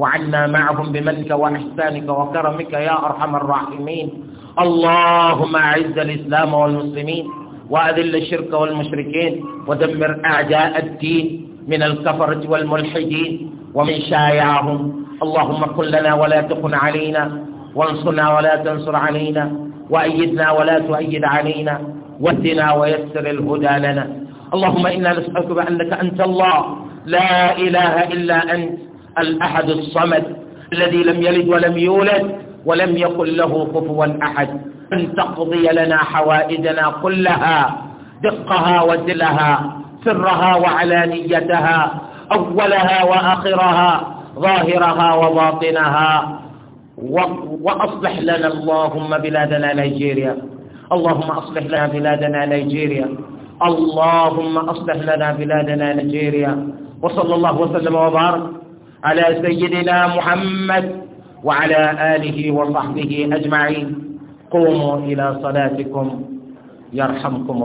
وعنا معهم بمنك وإحسانك وكرمك يا أرحم الراحمين اللهم أعز الإسلام والمسلمين وأذل الشرك والمشركين ودمر أعداء الدين من الكفرة والملحدين ومن شايعهم اللهم كن لنا ولا تكن علينا وانصرنا ولا تنصر علينا وأيدنا ولا تؤيد علينا واهدنا ويسر الهدى لنا اللهم إنا نسألك بأنك أنت الله لا إله إلا أنت الأحد الصمد الذي لم يلد ولم يولد ولم يكن له كفوا أحد أن تقضي لنا حوائجنا كلها دقها وزلها سرها وعلانيتها أولها وآخرها ظاهرها وباطنها وأصلح لنا اللهم بلادنا نيجيريا اللهم أصلح لنا بلادنا نيجيريا اللهم أصلح لنا بلادنا نيجيريا وصلى الله وسلم وبارك على سيدنا محمد وعلى آله وصحبه أجمعين قوموا إلى صلاتكم يرحمكم